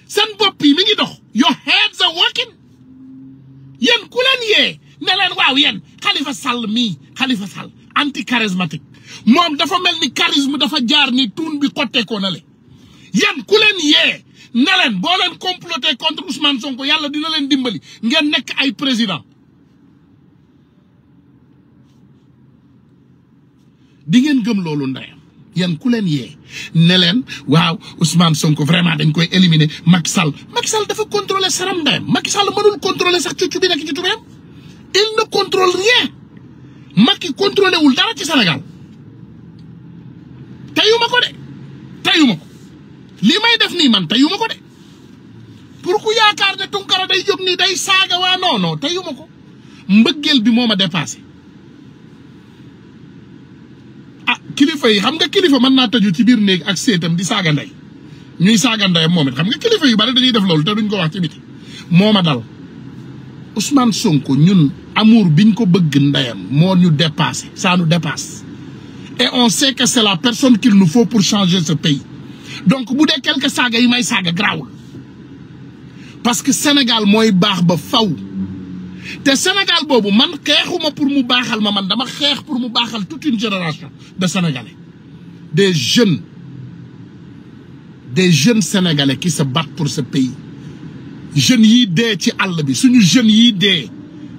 seen bopp yi mi ngi dox yéen ku leen yee ne leen waaw yéen Khalifa Sall mii Khalifa Sall anti charismatique moom dafa mel ni charisme dafa jaar ni tuun bi xotteekoo na le yéen ku leen yee ne leen boo Sonko yàlla dina leen dimbali ngeen nekk ay président di ngeen gëm loolu ndeyam yéen ku leen yee ne leen waaw Ousmane Sonko vraiment dañ koy éliminer Macky Sall Macky Sall dafa contrôler saram ndeyam Macky Sall mënul contrôler sax cuccu bi nekk ci tubéem il ne contrôle rien Macky contrôlé wul dara ci senegal teyuma ko de teyuma ko lii may def nii man teyuma ko de pour ku yaakaar ne Tunkara day jóg nii day saaga waa non non ko mbëggeel bi moo ma dépassé. kilifa yi xam nga kilifa man na tëju ci bir neeg ak setam di saaga ndey ñuy saaga ndeyam moom xam nga kilifa yu bari dañuy def loolu te duñ ko wax ci biti moo dal Ousmane Sonko ñun amour biñ ko bëgg ndayam mo ñu dépasser ça nous dépasse et on sait que c'est la personne qu'il nous faut pour changer ce pays donc bu dé quelques saaga yi may saaga garaawul parce que Sénégal moy baax ba faw te Sénégal boobu man xeexuma pour mu baaxal ma man dama xeex pour mu baaxal toute une génération de Sénégalais des jeunes des jeunes Sénégalais qui se battent pour ce pays jeunes yi dee ci àll bi suñu jeunes yi dee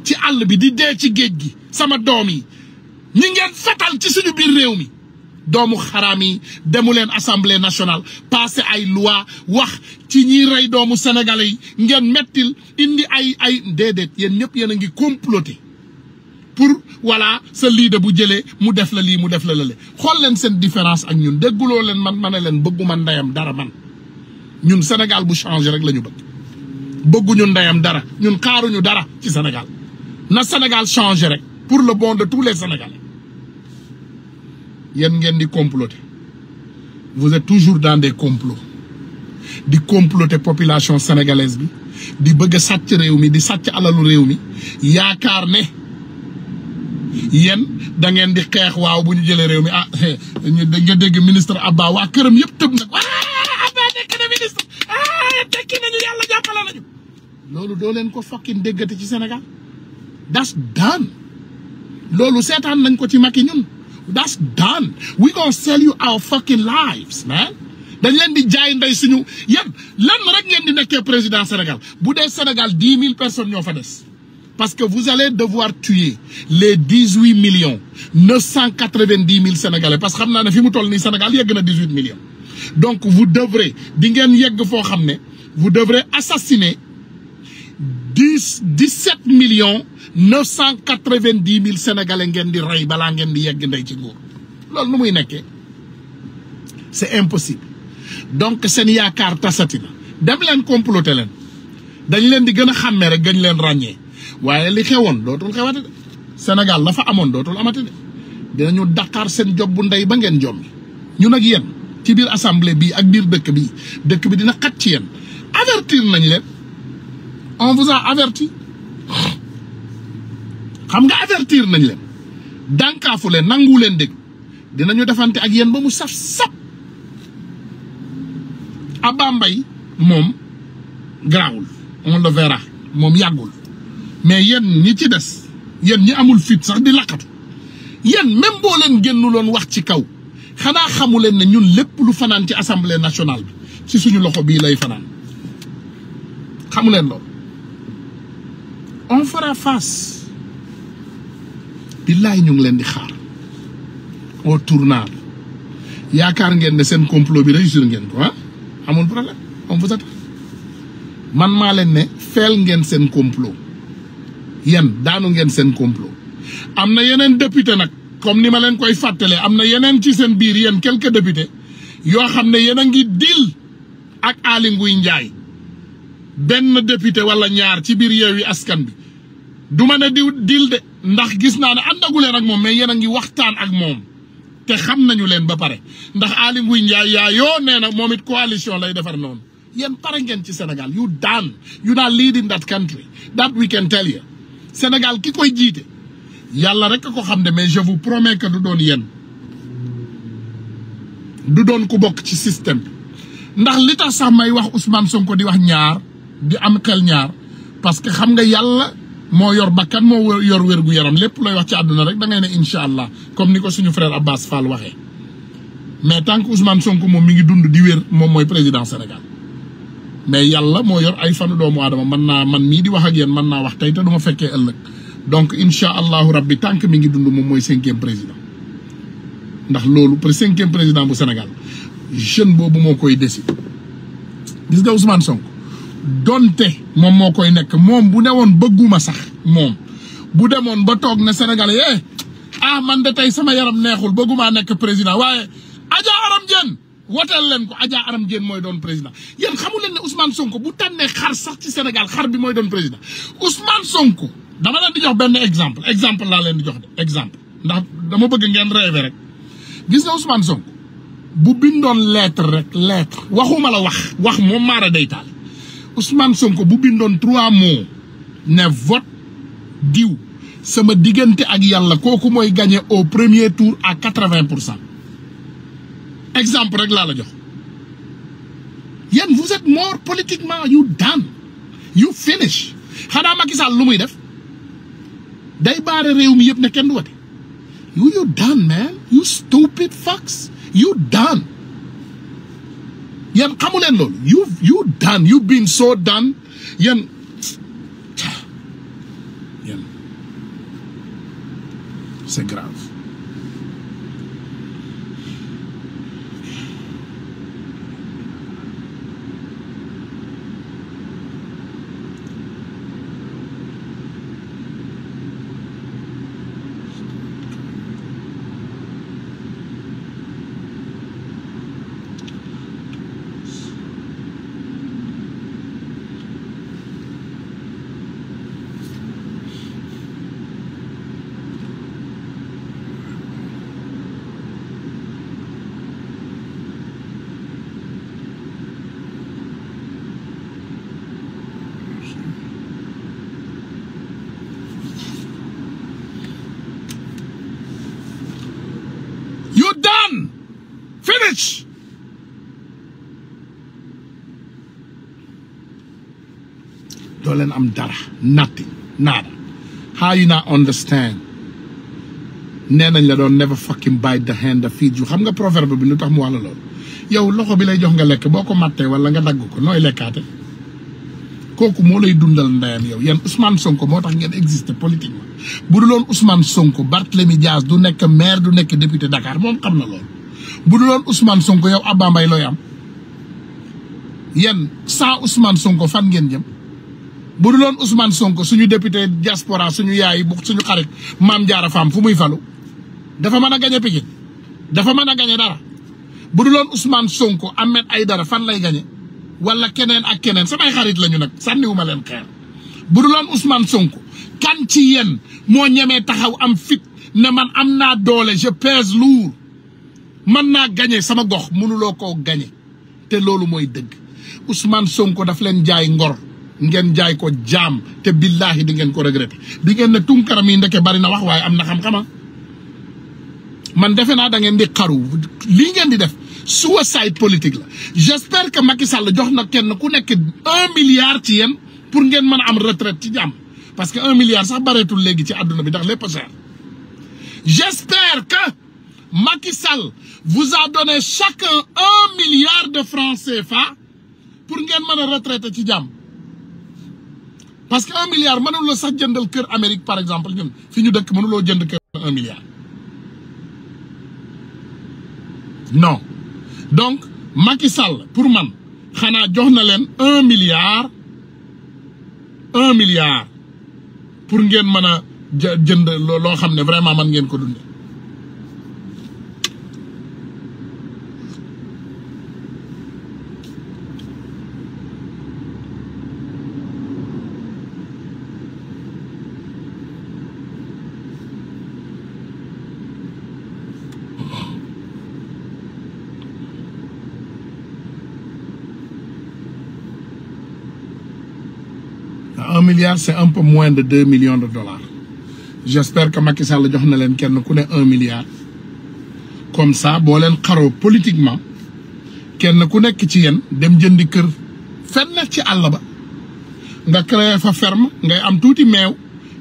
ci àll bi di dee ci géej gi sama doom yi ñi ngeen ci suñu biir réew doomu xaraam yi demu leen assemblée nationale passé ay loi wax ci ñiy rey doomu sénégalais yi ngeen mettil indi ay ay déedéet yéen ñëpp yéen a ngi comploter pour voilà sa lii bu jëlee mu def la lii mu def la lale xool leen seen différence ak ñun dégguloo leen man ma ne leen bëgguma ndeyam dara man ñun Sénégal bu changé rek lañu ñu bëgg bëgguñu ndeyam dara ñun kaaruñu dara ci Sénégal na Sénégal changé rek pour le bon de tous les Sénégalais yéen ngeen di comploter vous êtes toujours dans des complots di comploter population sénégalaise bi di bëgg sàcc réew mi di sàcc alalu réew mi yaakaar ne yéen dangeen ngeen di xeex waaw bu ñu jëlee réew mi ah ñu nga dégg ministre Abba waa këram yëpp tëb nag waa Abba nekk na ministre ah tekki nañu loolu doo leen ko fokkin déggati ci Sénégal das daan loolu seetaan nañ ko ci Macky ñun. that's done we gonna sell you our fucking lives man dañ leen di jaay nday suñu yépp lan rek ngeen di nekkee président Sénégal bu dee Sénégal dix mille personnes ñoo fa des parce que vous allez devoir tuer les dix huit millions neuf cent quatre vingt dix mille sénégalais parce que xam naa ne fi mu toll nii Sénégal yegg na dix huit millions donc vous devrez di ngeen yegg foo xam ne vous devrez assassiner dix dix sept millions neuf cent quatre vingt dix mille sénégalais ngeen di rey balaa ngeen di yegg ndey ci nguur loolu nu muy nekkee c'est impossible donc seen yaakaar tasati na dem leen comploter leen dañ leen di gën a xàmmee rek gañ leen ràññee waaye li xewoon dootul xewate de Sénégal la amoon dootul amate de dinañu daqaar seen job bu ndey ba ngeen jommi ñun nag yéen ci biir assemblée bii ak biir dëkk bii dëkk bi dina xat ci yéen avertir nañ leen on vous a averti xam nga avertir nañ leen dànkaafu leen nangu leen déglu dinañu defante ak yéen ba mu saf sap Abba Mbaye moom garaawul on le verra moom yàggul mais yéen ñi ci des yéen ñi amul fit sax di laqatu yéen même boo leen loon wax ci kaw xanaa xamu leen ne ñun lépp lu fanaan ci assemblée nationale bi ci suñu loxo bii lay fanaan xamu leen loolu on fera face lay ñu ngi leen di xaar au tournant yaakaar ngeen ne sen complot bi réussir ngeen ko amul problème on vous attend man malen leen ne fel ngeen sen complot yéen daanu ngeen sen complot am yenen député nak comme ni ma leen koy fatelé am yenen ci sen biir yéen quelques députés yo xam ne a ngi dil ak Aly Ngouille député wala ñaar ci biir yewi Askan bi du di di dil de ndax gis na na àndagu leen ak mais ngi waxtaan ak mom te xam nañu len ba pare ndax ali Ngouille Ndiaye ya yo nee na momit coalition lay defar non pare ngeen ci Sénégal you dan you are leading that country that we can tell you Senegal ki koy jiite rek ko xam ne mais je vous promets que du don yen du don ku bok ci système ndax li tax sax may wax Ousmane Sonko di wax ñaar di am xel ñaar parce que xam nga yalla moo yor bakkan moo yor wér gu yaram lépp looy wax ci àdduna rek da ngay ne incha allah comme ni ko suñu frère Abbas Fall waxe mais tànk que sonk moom mi ngi dund di wér moom mooy président Sénégal mais yàlla moo yor ay fanu doomu aadama mën naa man mii di ak yéen mën naa wax tey te du ma fekkee ëllëg donc incha allahu rabbi tant que mi ngi dund moom mooy cinquième président ndax loolu cinquième président bu Sénégal jeune boobu moo koy décide gis nga Ousmane Sonko donte. Momo mo koy nek mom bu newon beuguma sax mom bu demone ba tok ne sénégalais eh ah man de tay sama yaram neexul beuguma nek président waye Adja Aram jeen wotal len ko Adja Aram jeen moy don président yeen xamul len ne Ousmane Sonko bu tanne xar sax ci Sénégal xar bi moy don président Ousmane Sonko dama len di jox ben exemple exemple la len di jox exemple ndax dama bëgg ngeen rêver rek gis na Ousmane Sonko bu lettre rek lettre waxuma la wax wax mara day Ousmane Sonko bu bindoon trois mots ne vote diw sama diggante ak yàlla kooku mooy gagné au premier tour à quatre-vingt pour cent exemple rek laa la jox yéen vous êtes mort politiquement you done finish xanaa Macky Sall lu muy def day baare réew mi yëpp ne kenn du wate you you done man you stupid fucks yéen xamu leen loolu you you done you been so done yéen yéen c'est grave am dara nothing nada how you not understand nee nañ la doon never fucking bite the hand that feeds you xam nga proverbe bi lu tax mu wax la loolu yow loxo bi lay jox nga lekk boo ko màttee wala nga dagg ko nooy lekkaate kooku moo lay dundal ndeyam yow yéen Ousmane Sonko moo tax ngeen exister politiquement bu duloon Ousmane Sonko Barthélemy Dias du nekk maire du nekk député Dakar moom xam na loolu bu duloon Ousmane Sonko yow Abba Mbaye looy am yéen sans Ousmane fan ngeen jëm bu du loon Ousmane Sonko suñu député diaspora suñu yaay bu suñu xarit maam Diarra Fam fu muy falu dafa mën a gañe Pikine dafa mën a gañe dara bu duloon Ousmane Sonko ay dara fan lay gañe wala keneen ak keneen samay xarit lañu nag sànniwuma leen xeer bu du duloon Ousmane Sonko kan ci yéen moo ñemee taxaw am fit ne man am naa doole je pèse lourd mën naa gañe sama gox mënuloo koo gañe te loolu mooy dëgg Ousmane Sonko daf leen jaay ngor ngeen jaay ko jaam te billahi di ngeen ko regretté bi ngeen ne Tunkara mi ndeke bari na wax waaye am na xam-xama ah. man defe naa da ngeen di xaru lii ngeen di def suicide politique la j'espère que Macky Sall jox na kenn ku nekk un milliard ci yéen pour ngeen mën a am retraite ci jàmm parce que un milliard sax bareetul léegi ci àdduna bi ndax lépp cher j'espère que Macky Sall vous a donné chacun un milliard de francs CFA pour ngeen mën a retraité ci jàmm parce que miliar milliard manou la sax jëndal kër Amérique par exemple ñun fi ñu dëkk lo jënd kër 1 milliard non donc Macky Sall pour man xana jox na leen milliard 1 milliard pour ngeen mëna jënd lo xamné vraiment man ngeen ko dundé milliards c'est un peu moins de deux millions de dollars j'espère que Macky Sall jox na leen kenn ku ne un milliard comme ça boo leen xaroo politiquement kenn ku nekk ci yéen dem jëndi kër fenn ci àll ba nga créer fa ferme ngay am tuuti meew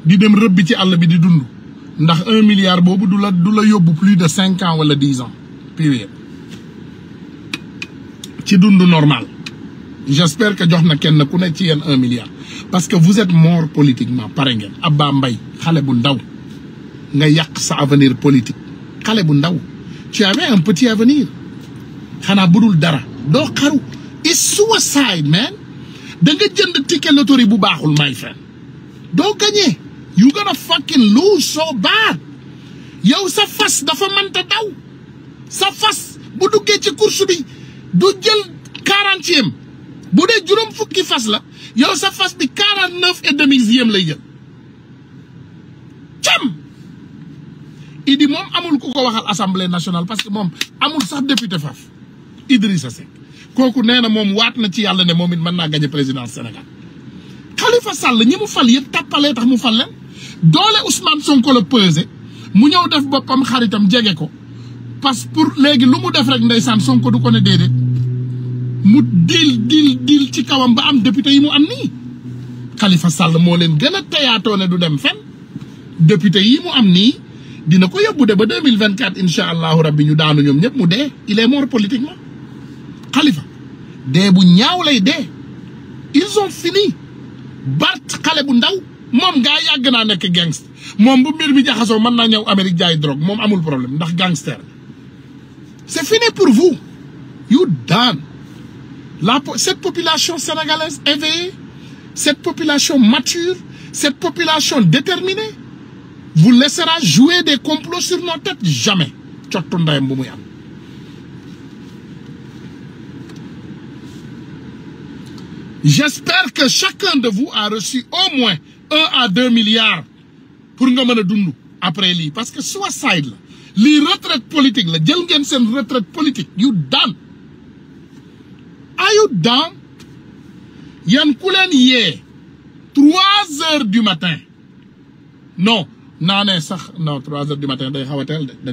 di dem rëbbi ci àll bi di dund ndax un milliard boobu du la du la yóbbu plus de cinq ans wala dix ans période ci dund normal j'espère que vous avez ku un milliard parce que vous êtes mort politiquement par exemple, Abba Mbaye xale bu ndaw nga sa avenir politique xale tu avais un petit avenir kana budul dara doo xaru it's suicide man De nga jënd ticket loterie bu baaxul my friend Donc, gagné you gonna fucking lose so bad Yo, sa face, dafa mënta daw sa face, bu duggee ci course bi du jël bu dee juróom fukki fas la yow sa fas bi quarante neuf et demi yéem lay jël cam idi moom amul ku ko waxal assemblée nationale parce que moom amul sax député faaf Idrissa Seck kooku nee na moom waat na ci yàlla ne moom it mën naa gañe président Sénégal Khalifa Sall ñi mu fal yëpp tappalee tax mu fal leen doole Ousmane Sonko la pesé mu ñëw def boppam xaritam jege ko parce que pour léegi lu mu def rek ndeysaan Sonko du ko ne déedéet mu dil dil dil ci kawam ba am député yi mu am nii Khalifa Sall moo leen gën a teyaatoo ne du dem fen député yi mu am nii dina ko yóbbu de ba deux mille vingt quatre incha allahu rabbi ñu daanu ñoom ñëpp mu dee il est mort politiquement xalifa dee bu ñaaw lay dee ils ont fini Bart xale bu ndaw moom ngaa yàgg naa nekk gangster moom bu mbir bi jaxasoo mën naa ñëw Amérique jaay drogue moom amul problème ndax gangster c'est fini pour vous you done cette population sénégalaise éveillée, cette population mature, cette population déterminée, vous laissera jouer des complots sur nos têtes jamais. J'espère que chacun de vous a reçu au moins 1 à 2 milliards pour nous donner après lui. parce que soit les retraites politiques, politique les retraites retraite politique you done Are you down? Yann Koulen hier, 3 heures du matin. Non, non, sax non 3 heures du matin day xaw a teel de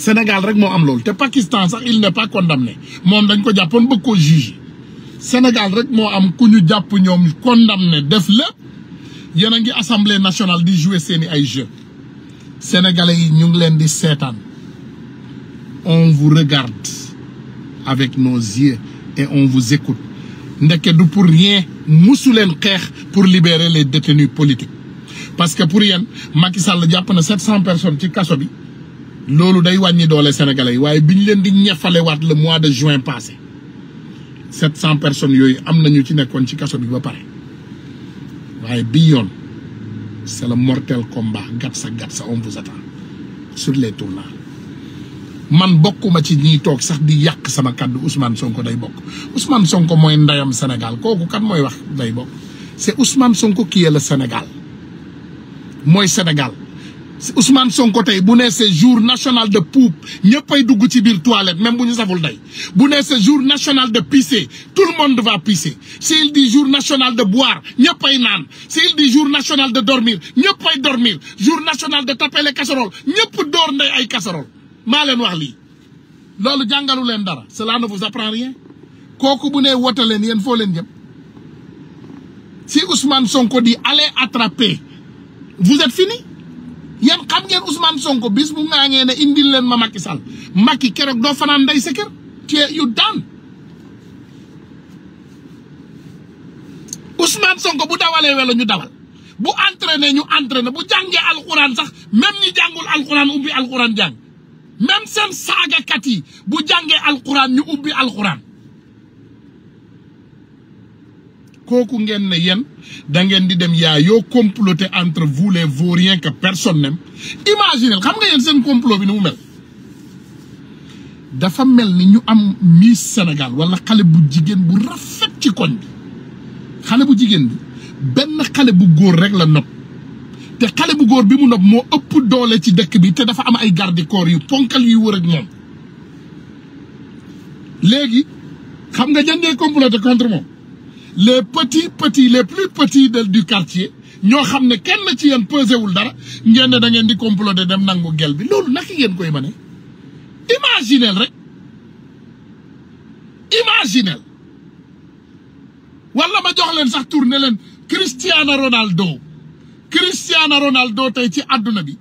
Sénégal rek mo am lool té Pakistan sax il n'est pas condamné le dañ ko Japon bëgg juger Sénégal rek mo am kuñu japp ñom condamné def y y a ngi assemblée nationale di jouer seeni ay jeux sénégalais ñu ngi leen di on vous regarde avec nos yeux et on vous écoute ndeké du pour rien musu pour libérer les détenus politiques parce que pour rien, Macky Sall japp na 700 personnes ci kasso bi. loolu day wàññi doole sénégalais waaye bi leen di ñefalewaat la mois de juin passé sept cent personnes yooyu am nañu ci nekkoon ci kaso bi ba pare waaye bii yoon c'est le mortel combat gatsa gatsa on vous attend sur les tournants man bokkuma ci ñiy toog sax di yàq sama kàddu Ousmane Sonko day bokk Ousmane Sonko mooy ndeyam Sénégal kooku kan mooy wax day bokk c'est Ousmane Sonko qui est le Sénégal mooy Sénégal Ousmane Sonko tay bu nee c'est jour national de poupe ñeppay dugg ci bir toilette même bu ñu saful day bu nee c'est jour national de pisser tout le monde va pisser s'il dit jour national de boire ñeppay nan s'il dit jour national de dormir ñeppay dormir jour national de taper les casseroles ñepp dor nday ay casseroles ma len wax li loolu jàngalu len dara cela ne vous apprend rien bu wotalen yeen fo len si Ousmane Sonko dit allez attraper vous êtes fini yéen xam ngeen Ousmane Sonko bis bu ŋaaŋee ne indil leen ma Macky Sall Macky keroog doo fanaan day sa kër cee yu daan Ousmane Sonko bu dawalee welo ñu dawal bu entraîné ñu entraîné bu jàngee alxuraan sax même ñi jàngul alxuraan ubbi alxuraan jàng même seen saagakat yi bu jàngee alxuraan ñu ubbi alxuraan kooku ngeen ne yéen da ngeen di dem yaa yoo comploté entre vous les vauriens que personne n'aime imaginez xam nga yenn seen complot bi ni mu mel dafa mel ni ñu am Miss senegal wala xale bu jigéen bu rafet ci koñ bi xale bu jigéen bi benn xale bu góor rek la nopp te xale bu góor bi mu nopp moo ëpp doole ci dëkk bi te dafa am ay garde yu ponkal yuy wër ak moom léegi xam nga jëndee comploté contre moom les petits petits les plus petits de du quartier ñoo xam ne kenn ci yéen pesewul dara ngeen ne da ngeen di comploter dem nangu gel bi loolu na ngeen koy mëne imaginel rek imaginel wala ma jox leen sax tur ne leen Cristiano Ronaldo Cristiano Ronaldo tey ci àdduna bi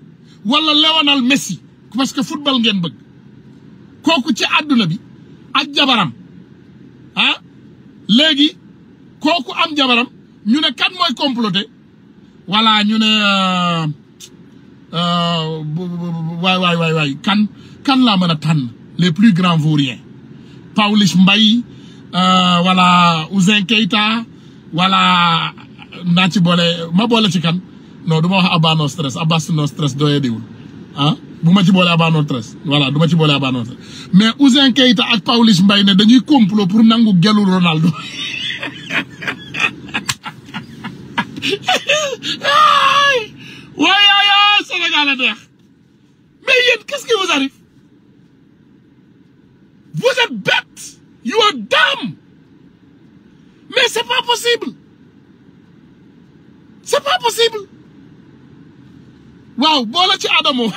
wala Lionel Messi parce que football ngeen bëgg kooku ci àdduna bi ak jabaram ah léegi kooku am jabaram ñu ne kan mooy comploté voilà ñu ne euh, euh, waay waay waay waay kan kan laa mën a tànn les plus grands vauriens Pawlish Mbaye euh, voilà Ouzin Keita voilà naa ci boole ma boole ci kan non du ma wax Abba no stress Abbas no stress doyee diwul ah bu ma ci boole Abba no stress voilà du ma ci boole Abba no stress mais Ouzin Keita ak Pawlish mbay ne dañu complot pour nangu gelu Ronaldo mais qu'est-ce qui vous arrive vous êtes bêtes you are dumb mais c'est pas possible c'est pas possible Wow, bon ci Adamo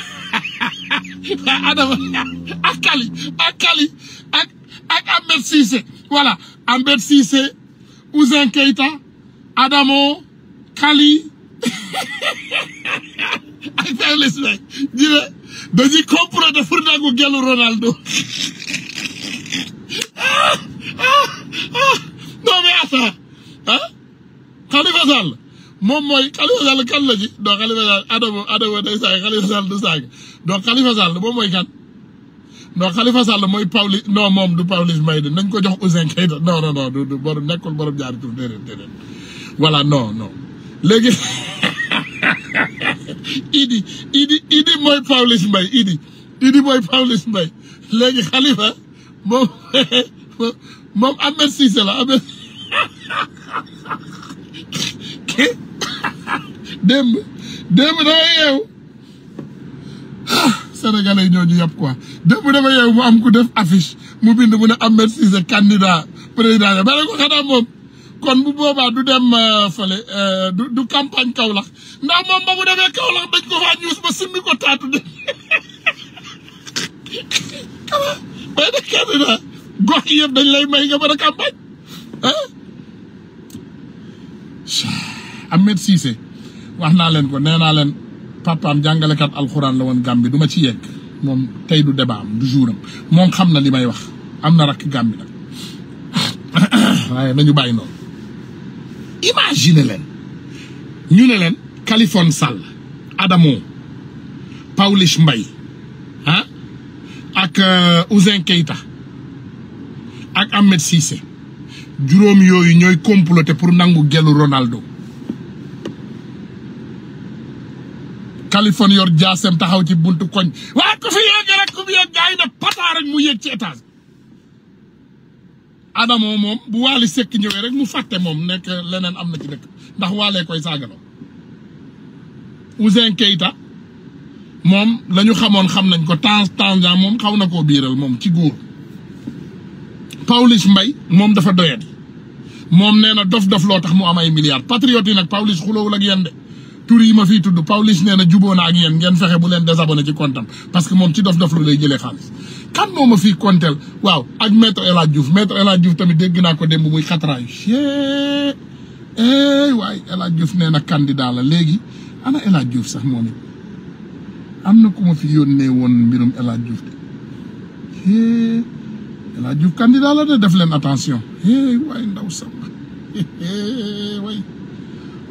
Adamo Akali, Akali, ak voilà Amber Ouzin Keita Adamo Kali ak Pawlish Mbaye ñu ne dañuy comploter pour nangu gelu Ronaldo non mais attends ah Khalifa Sall moom mooy kan la ci donc Khalifa Sall Adamo Adamo day saaga Khalifa du saaga donc Khalifa Sall moom kan non Khalifa Sall mooy Pawlish non moom du Pawlish Mbaye de nañ ko jox Ouzin Keita non non non du borom nekkul borom ñaari tur déedéet déedéet voilà non non Idi Idi mooy Pawlish Mbaye Idi mooy Pawlish Mbaye léegi Khalifa moom moom Ahmed Cissé la Ahmed démb démb yeew sénégalais yi ñoo ñu yàpp quoi démb dafa yeewu mu am ku def affiche mu bind mu ne Ahmed Cissé candidat président ya bare ko xanaa moom kon bu boobaa du dem euh, fële euh, du du campagne Kaolack ndax moom ba mu demee Kaolack dañ ko faa ñuus ba simmi ko taatu de xanaa bay de candidat gox yëpp dañ lay may nga mën a campagne ah Ahmed Cissé wax naa leen ko nee naa leen papaam jàngalekat alxuraan la woon Gàmbi du ma ci yegg moom tey du débat am du jour moom xam na li may wax am na rakk Gàmbi nag waaye nañu bàyyi noonu. imagine leen ñu ne leen Kaliphone Sall Adamo Pawlish mbay ah ak euh, Ouzin Keita ak Ahmed Cissé juróom yooyu ñooy comploter pour nangu gelu Ronaldo. Kaliphone yor jaasem taxaw ci buntu koñ waaye ku fi yéegee rek ku fi yéeg gars yi ne pataa mu yéeg ci étage Adamo moom bu Wally Seck ñëwee rek mu fàtte moom nekk leneen am na ci dëkk ndax waalee koy saagaloo Ouzin Keita moom lañu xamoon xam nañ ko temps temps moom xaw na koo biiral moom ci góor Pawlish Mbaye moom dafa doyati moom nee na dof-dof loo tax mu am ay milliards patriote yi nag Pawlish xuloowul ak yéen de tur yi ma fi tudd Pawlish nee na juboo naa ak yéen ngeen fexe bu leen désabonné ci kontam parce que moom ci dof-dof lu lay jëlee xaalis kan ma fiy konteel waaw ak maître El Hadj Diouf tamit dégg naa ko démb muy xatraayu chee eh waaye El Hadj Diouf nee la léegi ana El sax moom it am na ku ma fi yónnee woon mbirum El Hadj Diouf de hee eh, El la de def leen attention hee eh, ndaw sama eh,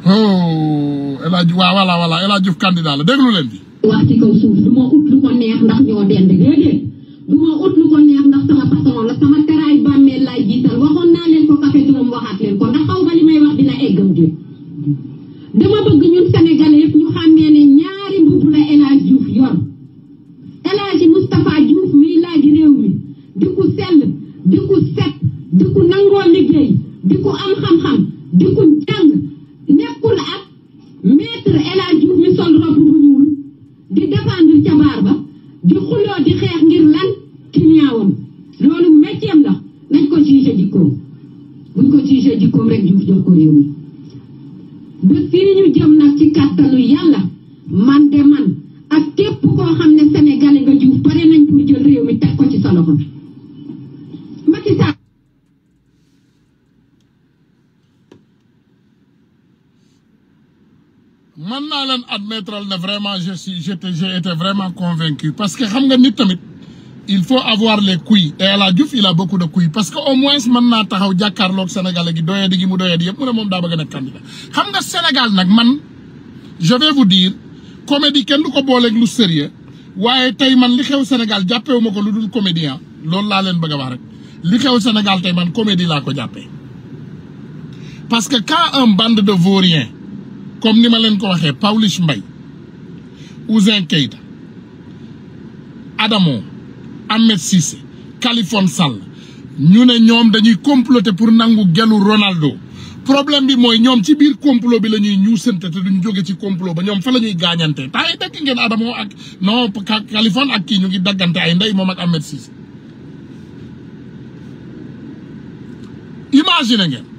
oh El Hadj waaw voilà voilà El Hadj Diouf candidat la déglu leen bi. wax ci kaw du ma ut lu ko neex ndax ñoo dend déedéet du ma ut lu ko neex ndax sama patron la sama teraay bàmmeel laay jiital waxoon naa leen ko café turam waxaat leen ko ndax xaw ma li may wax dina eggam di dama bëgg ñun sénégalais ñu xàmmee ne ñaari mbubb la El Hadj Diouf yor El Hadj Moustapha laaj réew mi di ku sell di ku set di ku nangoo liggéey di ku am xam-xam di ku jàng. nekkul ak maître El Hadj permettre vraiment je suis j'ai été vraiment convaincu parce que xam nga nit tamit il faut avoir les couilles et El Diouf il a beaucoup de couilles parce que au moins man na taxaw jàkkaarloog Sénégalais gi doyadi gi mu doyadi yëpp mu ne mom da bëgg candidat xam nga Sénégal nak man je vais vous dire comédie kenn du ko ak lu sérieux waye tay man li xew Sénégal jappé ma ko lu comédien lool la leen bëgg wax rek li xew Sénégal tay man comédie la ko jappé parce que quand un bande de vauriens comme ni ma leen ko waxé paulish Mbaye Ouzin Keïta adamoo Ahmed Cissé Kaliphone Sall ñu ne ñoom dañuy comploter pour nangu gelu Ronaldo problème bi mooy ñoom ci biir complot bi la ñuy ñuusante te ñu jóge ci complot ba ñoom fa la ñuy gaañante taa yi dagg ngeen Adamo ak non Kaliphone ak kii ñu ngi daggante ay ndey moom ak Ahmed Cissé imagine ngeen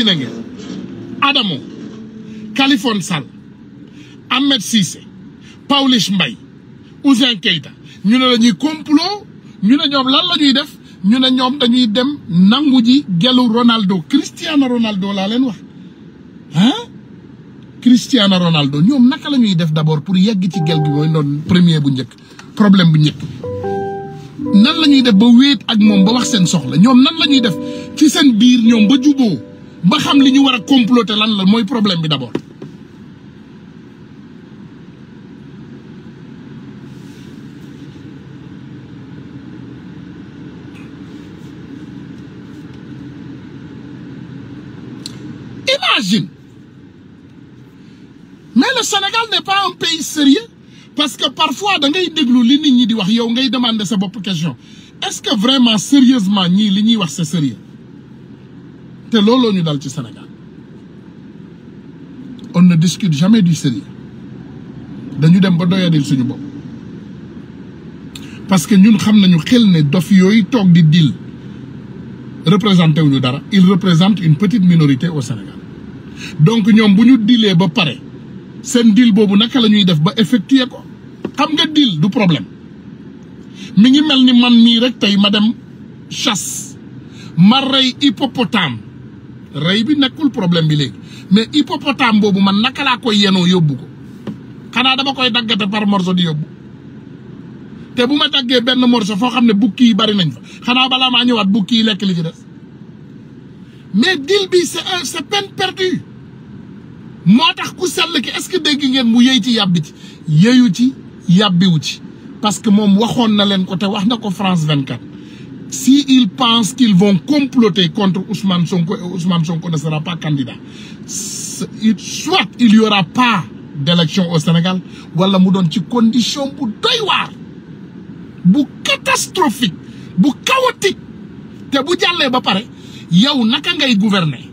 imagine Adamo California, sal Ahmed Cissé Paulish Mbaye Ouzin Keita ñu ne la complot ñu ne ñoom lan la ñuy def ñu ne ñoom dañuy Ronaldo Cristiano Ronaldo la leen wax Cristiano Ronaldo ñoom naka la ñuy def d'abord pour yegg ci gel premier bu Problem problème bu njëkk nan lañuy def ba wéet ak mom ba wax seen soxla ñom nan lañuy def ci seen biir ñom ba ba xam li ñu war comploter lan la mooy problème d'abord imagine mais le Sénégal n'est pas un pays sérieux parce que parfois da ngay déglu li nit ñi di wax yow ngay est-ce que vraiment sérieusement nous li ñuy c'est sérieux te looloo ñu dal au Sénégal on ne discute jamais du sérieux dañu dem ba doyadil suñu bopp parce que ñun savons qu'il xel a dof yooyu qui di dil représenté wuñu dara il une petite minorité au Sénégal donc nous avons ñu dilee ba pare seen deal bobu naka lañuy def ba effectuer ko xam nga deal du problème mi ngi melni man mi rek tay ma dem chasse Mareille hippopotame rey bi nekkul problème bi léegi mais hippopotame boobu man naka laa koy yenoo yóbbu ko xanaa dama koy daggate par morceau di yóbbu te bu ma daggee benn morso foo xam ne bukki yi bari nañ fa xanaa balaa maa ñëwaat bukki lekk li ci des mais dil bi c'est un c'est peine perdue moo tax ku sell ki est que dégg ngeen mu yëy ci yàbbi ci yëyu ci yàbbiwu ci parce que moom waxoon na leen ko te wax na ko France 24. S'ils pensent qu'ils vont comploter contre Ousmane Sonko, Ousmane Sonko ne sera pas candidat. Soit il n'y aura pas d'élection au Sénégal, ou alors nous ci condition conditions pour waar bu catastrophique bu chaotique te bu jàllee ba un yow naka ngay gouverner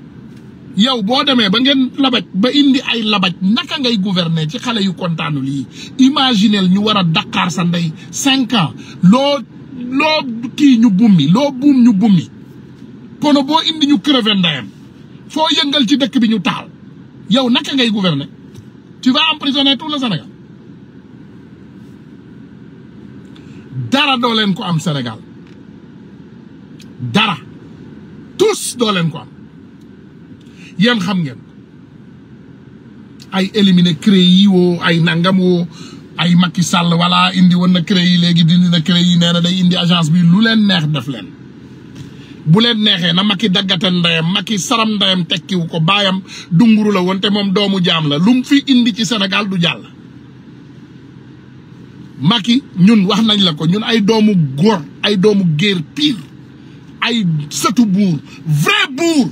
yow boo demee ba ngeen ba indi ay naka ngay gouverner ci xalé yu li ñu Dakar 5 ans loo kii ñu bummi loo buum ñu bummi kono boo indi ñu crevé ndayam foo yëngal ci dëkk bi ñu taal yow naka ngay gouverner tu vas emprisonner tout le Sénégal dara doo leen ko am senegal dara tous doo leen ko am yéen xam ngeen ay éliminer CREI woo ay nangam woo ay mag Macky Sall wala indi woon na yi léegi dindi na CREI yi nee na day indi agence bi lu leen neex def leen bu leen neexee na Macky daggate ndeyam Macky saram ndeyam tekkiwu ko baayam dunguru la woon moom doomu jaam la lu mu fi indi ci senegal du jàll mag Macky ñun wax nañ la ko ñun ay doomu góor ay doomu géer pire ay sëtu buur vrai buur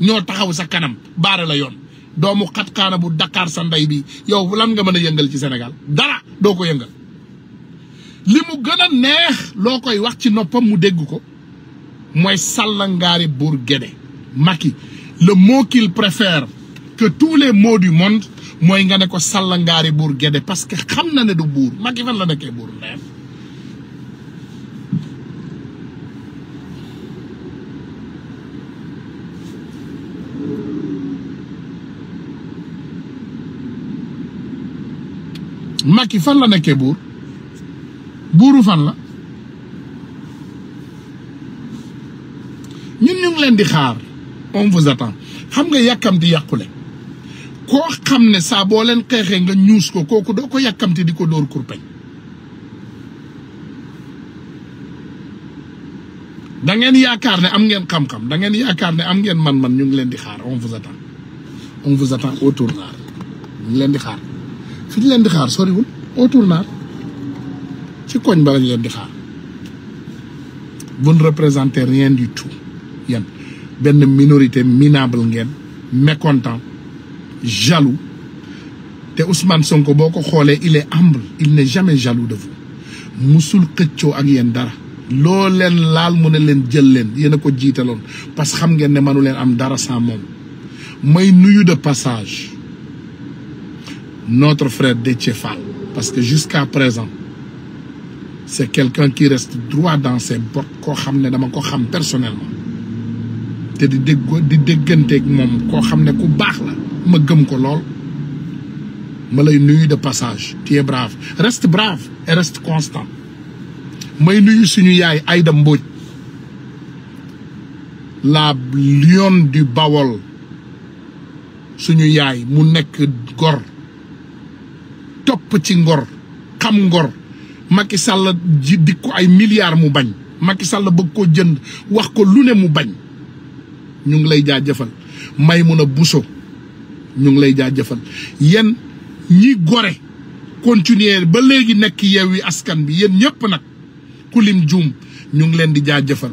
ñoo taxaw sa kanam baare la yoon doomu xatkaana bu Dakar sa ndey bi yow lan nga mën a yëngal ci senegal dara doo ko yëngal li mu gën a neex loo koy wax ci noppam mu dégg ko mooy sàllangaari buur géde Macky le mot qu'il préfère que tous les mots du monde mooy nga ne ko sàllangaari buur géde parce que xam na ne du buur Macky fan la nekkee buur Macky fan la nekkee buur buuru fan la ñun ñu ngi leen di xaar on xam nga yàkkamti yàqule koo xam ne saa boo leen xeexee nga ñuus ko kooku doo ko yàkkamti di ko dóor kurpeñ da ngeen yaakaar ne am ngeen xam-xam da ngeen yaakaar ne am ngeen man-man ñu ngi leen di xaar on vous attend au tournant ñu ngi leen di xaar Fini ñu leen di soriwul autour là, ci quoi ba lañ leen di xaar vous ne représentez rien du tout yéen benn minorité minable ngeen mécontent jaloux te Ousmane Sonko Boko ko il est humble il n'est jamais jaloux de vous musul xëccoo ak yéen dara loo lal laal mu ne leen jël a ko jiitaloon parce que xam ngeen ne manou leen am dara sans mom. may nuyu de passage notre frère Détchefal. Parce que jusqu'à présent, c'est quelqu'un qui reste droit dans ses portes... ko personnellement Je di Je di de passage tu es brave reste brave et reste constant may nuyu suñu yaay Aïda la lionne du Bawol Top ci ngor xam ngor Macky Sall ji ko ay milliards mu bañ Macky Sall bëgg ko jënd wax ko lu ne mu bañ ñu ngi lay jaajëfal Maimouna Bousso ñu ngi lay jaajeufal yeen ñi gore continuer ba légui nek yewi askan bi yeen ñepp nak ku lim ñu ngi leen di jaajeufal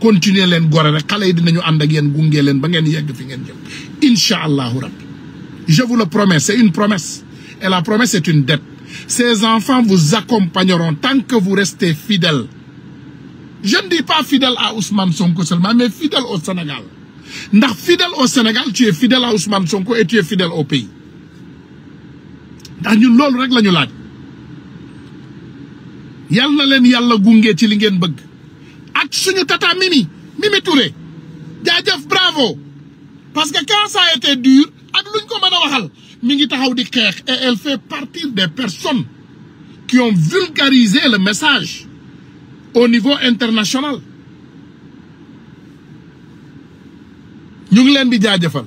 continuer leen gore rek xalé yi dinañu and ak yeen gungé leen ba ngeen yegg fi ngeen jëm incha rabbi je vous le promets c'est une promesse et la promesse est une dette. Ces enfants vous accompagneront tant que vous restez fidèles. Je ne dis pas fidèle à Ousmane Sonko seulement, mais fidèle au Sénégal. Ndax fidèle au Sénégal, tu es fidèle à Ousmane Sonko et tu es fidèle au pays. ndax ñun loolu rek la laaj yal na ci li ngeen bëgg ak suñu tata Mimi Mimi Touré bravo parce que quand ça a été dur ak luñ ko mëna waxal taxaw di et elle fait partie des personnes qui ont vulgarisé le message au niveau international ñu ngi leen di jaajëfal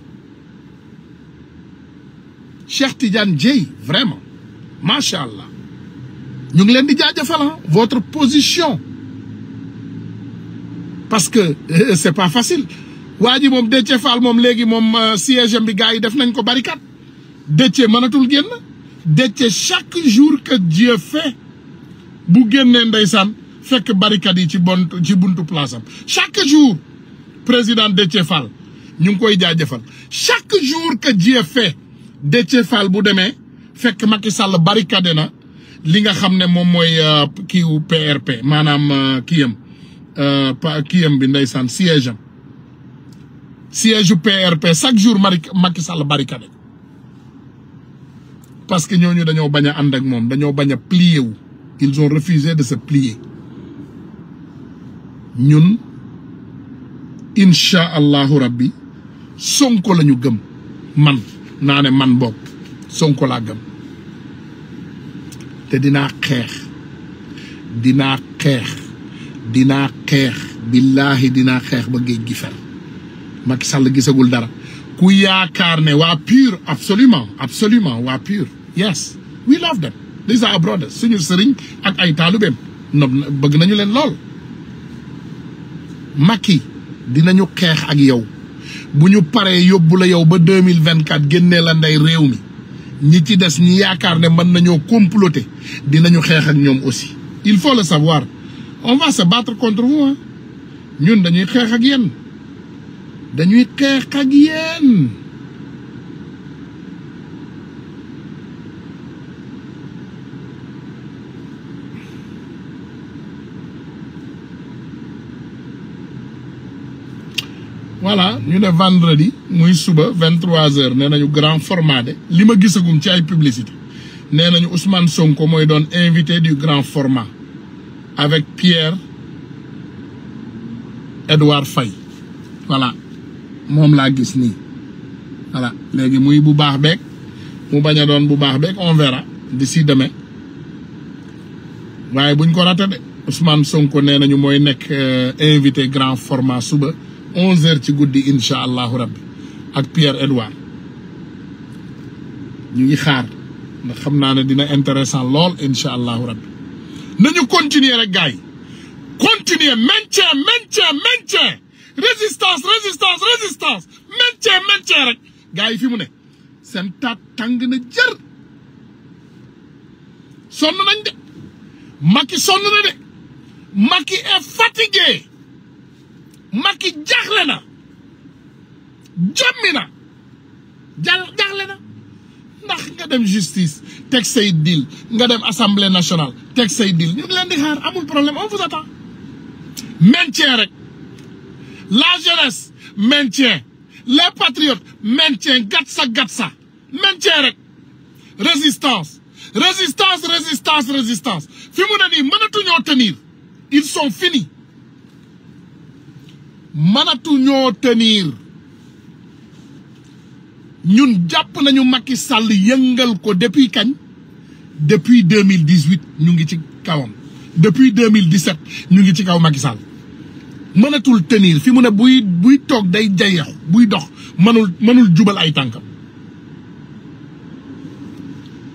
Cheikh Tidiane Dieye vraiment macha allah ñu ngi leen di jaajëfal hein, votre position parce que euh, c'est pas facile waa ji moom Déthié Fall moom léegi euh, siège bi gars def ko barricade Déthié mënatul génn Déthié chaque jour que Dieu bu génnee ndeysaan fekk barricade yi ci bon ci buntu place am chaque jour président Déthié Fall ñu ngi koy jaajëfal chaque jour que Dieu fait Déthié Fall bu demee fekk Macky Sall barricade na li nga xam ne moom mooy euh, kiiwu PRP maanaam euh, kiyam euh, kiyam bi ndeysaan siège am siège u PRP chaque jour Macky Sall barricade parce que ñoñu dañu baña and ak mom dañu baña plier wu ils ont refusé de se plier ñun insha Allah rabbi sonko la gëm man nané man bok sonko la gëm té dina xex dina xex dina xex billahi dina xex ba geej gi fer Macky Sall gisagul dara ku yaakar ne wa pur absolument absolument wa pur yes we love them these are our brothers suñu sëriñ ak ay taalubeem nob bëgg nañu leen lool Macky dinañu xeex ak yow bu ñu paree la yow ba 2024 génnee la ndey réew mi ñi ci des ñi yaakaar ne mën komplote, comploter dinañu xeex ak aussi il faut le savoir on va se battre contre vous ñun dañuy xeex ak yéen dañuy xeex ak voilà ñu ne vendredi muy suba 23h nee nañu grand format de lima ma gisagum ci ay publicité nee nañu Ousmane Sonko mooy doon invité du grand format avec Pierre Edouard Faye voilà moom la gis voilà les muy bu baax beeg mu bañ a doon bu baax beeg on verra d'ici demain waaye buñ ko raté de Ousmane Sonko nee nañu mooy nék euh, invité grand format suba. onze heures ci guddi incha allahu rabbi ak Pierre Edouard ñu ngi xaar ndax xam naa ne dina intéressant lool incha allahu rabbi nañu continuer rek gars yi continuer maintien maintien maintien résistance résistance résistance maintien maintien rek fi mu ne seen taat tàng na jër sonn nañ de Macky sonn na de Macky est fatigué Macky jaaxle na jommi na ndax nga dem justice tek say deal nga dem assemblée nationale tek say deal ñu ngi leen di xaar amul problème on vous attend maintien rek la jeunesse maintien les patriotes maintien gatsa gatsa maintien rek résistance résistance résistance résistance fi mu ne tenir ils sont finis mënatu ñoo tenir ñun jàpp nañu Macky Sall yëngal ko depuis kañ depuis deux mille dix huit ñu ngi ci kawam depuis deux mille dix sept ñu ngi ci kaw Macky Sall mënatul tenir fi mu ne buy buy toog day jayaxu buy dox mënul mënul jubal ay tànkam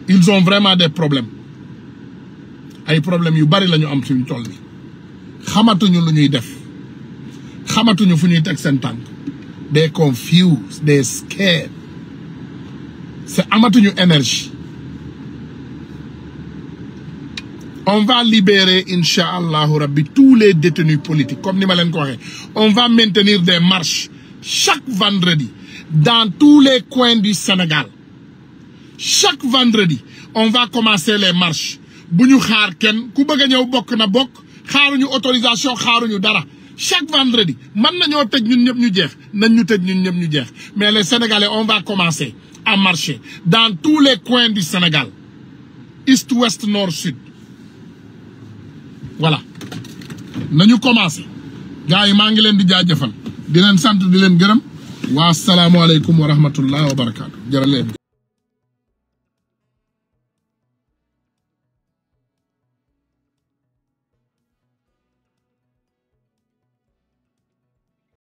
ils ont vraiment des problème ay problèmes yu bari la ñu am suñu tool bi xamatuñu lu ñuy def xamatuñu fu ñuy teg seen tànk they confused they scared c'est amatuñu énergie on va libérer incha allahu tous les détenus politiques comme ni ma leen ko on va maintenir des marches chaque vendredi dans tous les coins du Sénégal chaque vendredi on va commencer les marches bu ñu xaar kenn ku bëgg a ñëw bokk na bokk xaaruñu autorisation xaaruñu dara chaque vendredi mën nañoo tëj ñun ñëpp ñu jeex nañ ñu tëj ñun ñëpp ñu jeex mais les sénégalais on va commencer à marché dans tous les coins du Sénégal est ouest nord sud voilà nañu commencer gars yi maa ngi leen di jaajëfal di leen sant di leen gërëm waa salaamualeykum wa rahmatullah wa barakaatu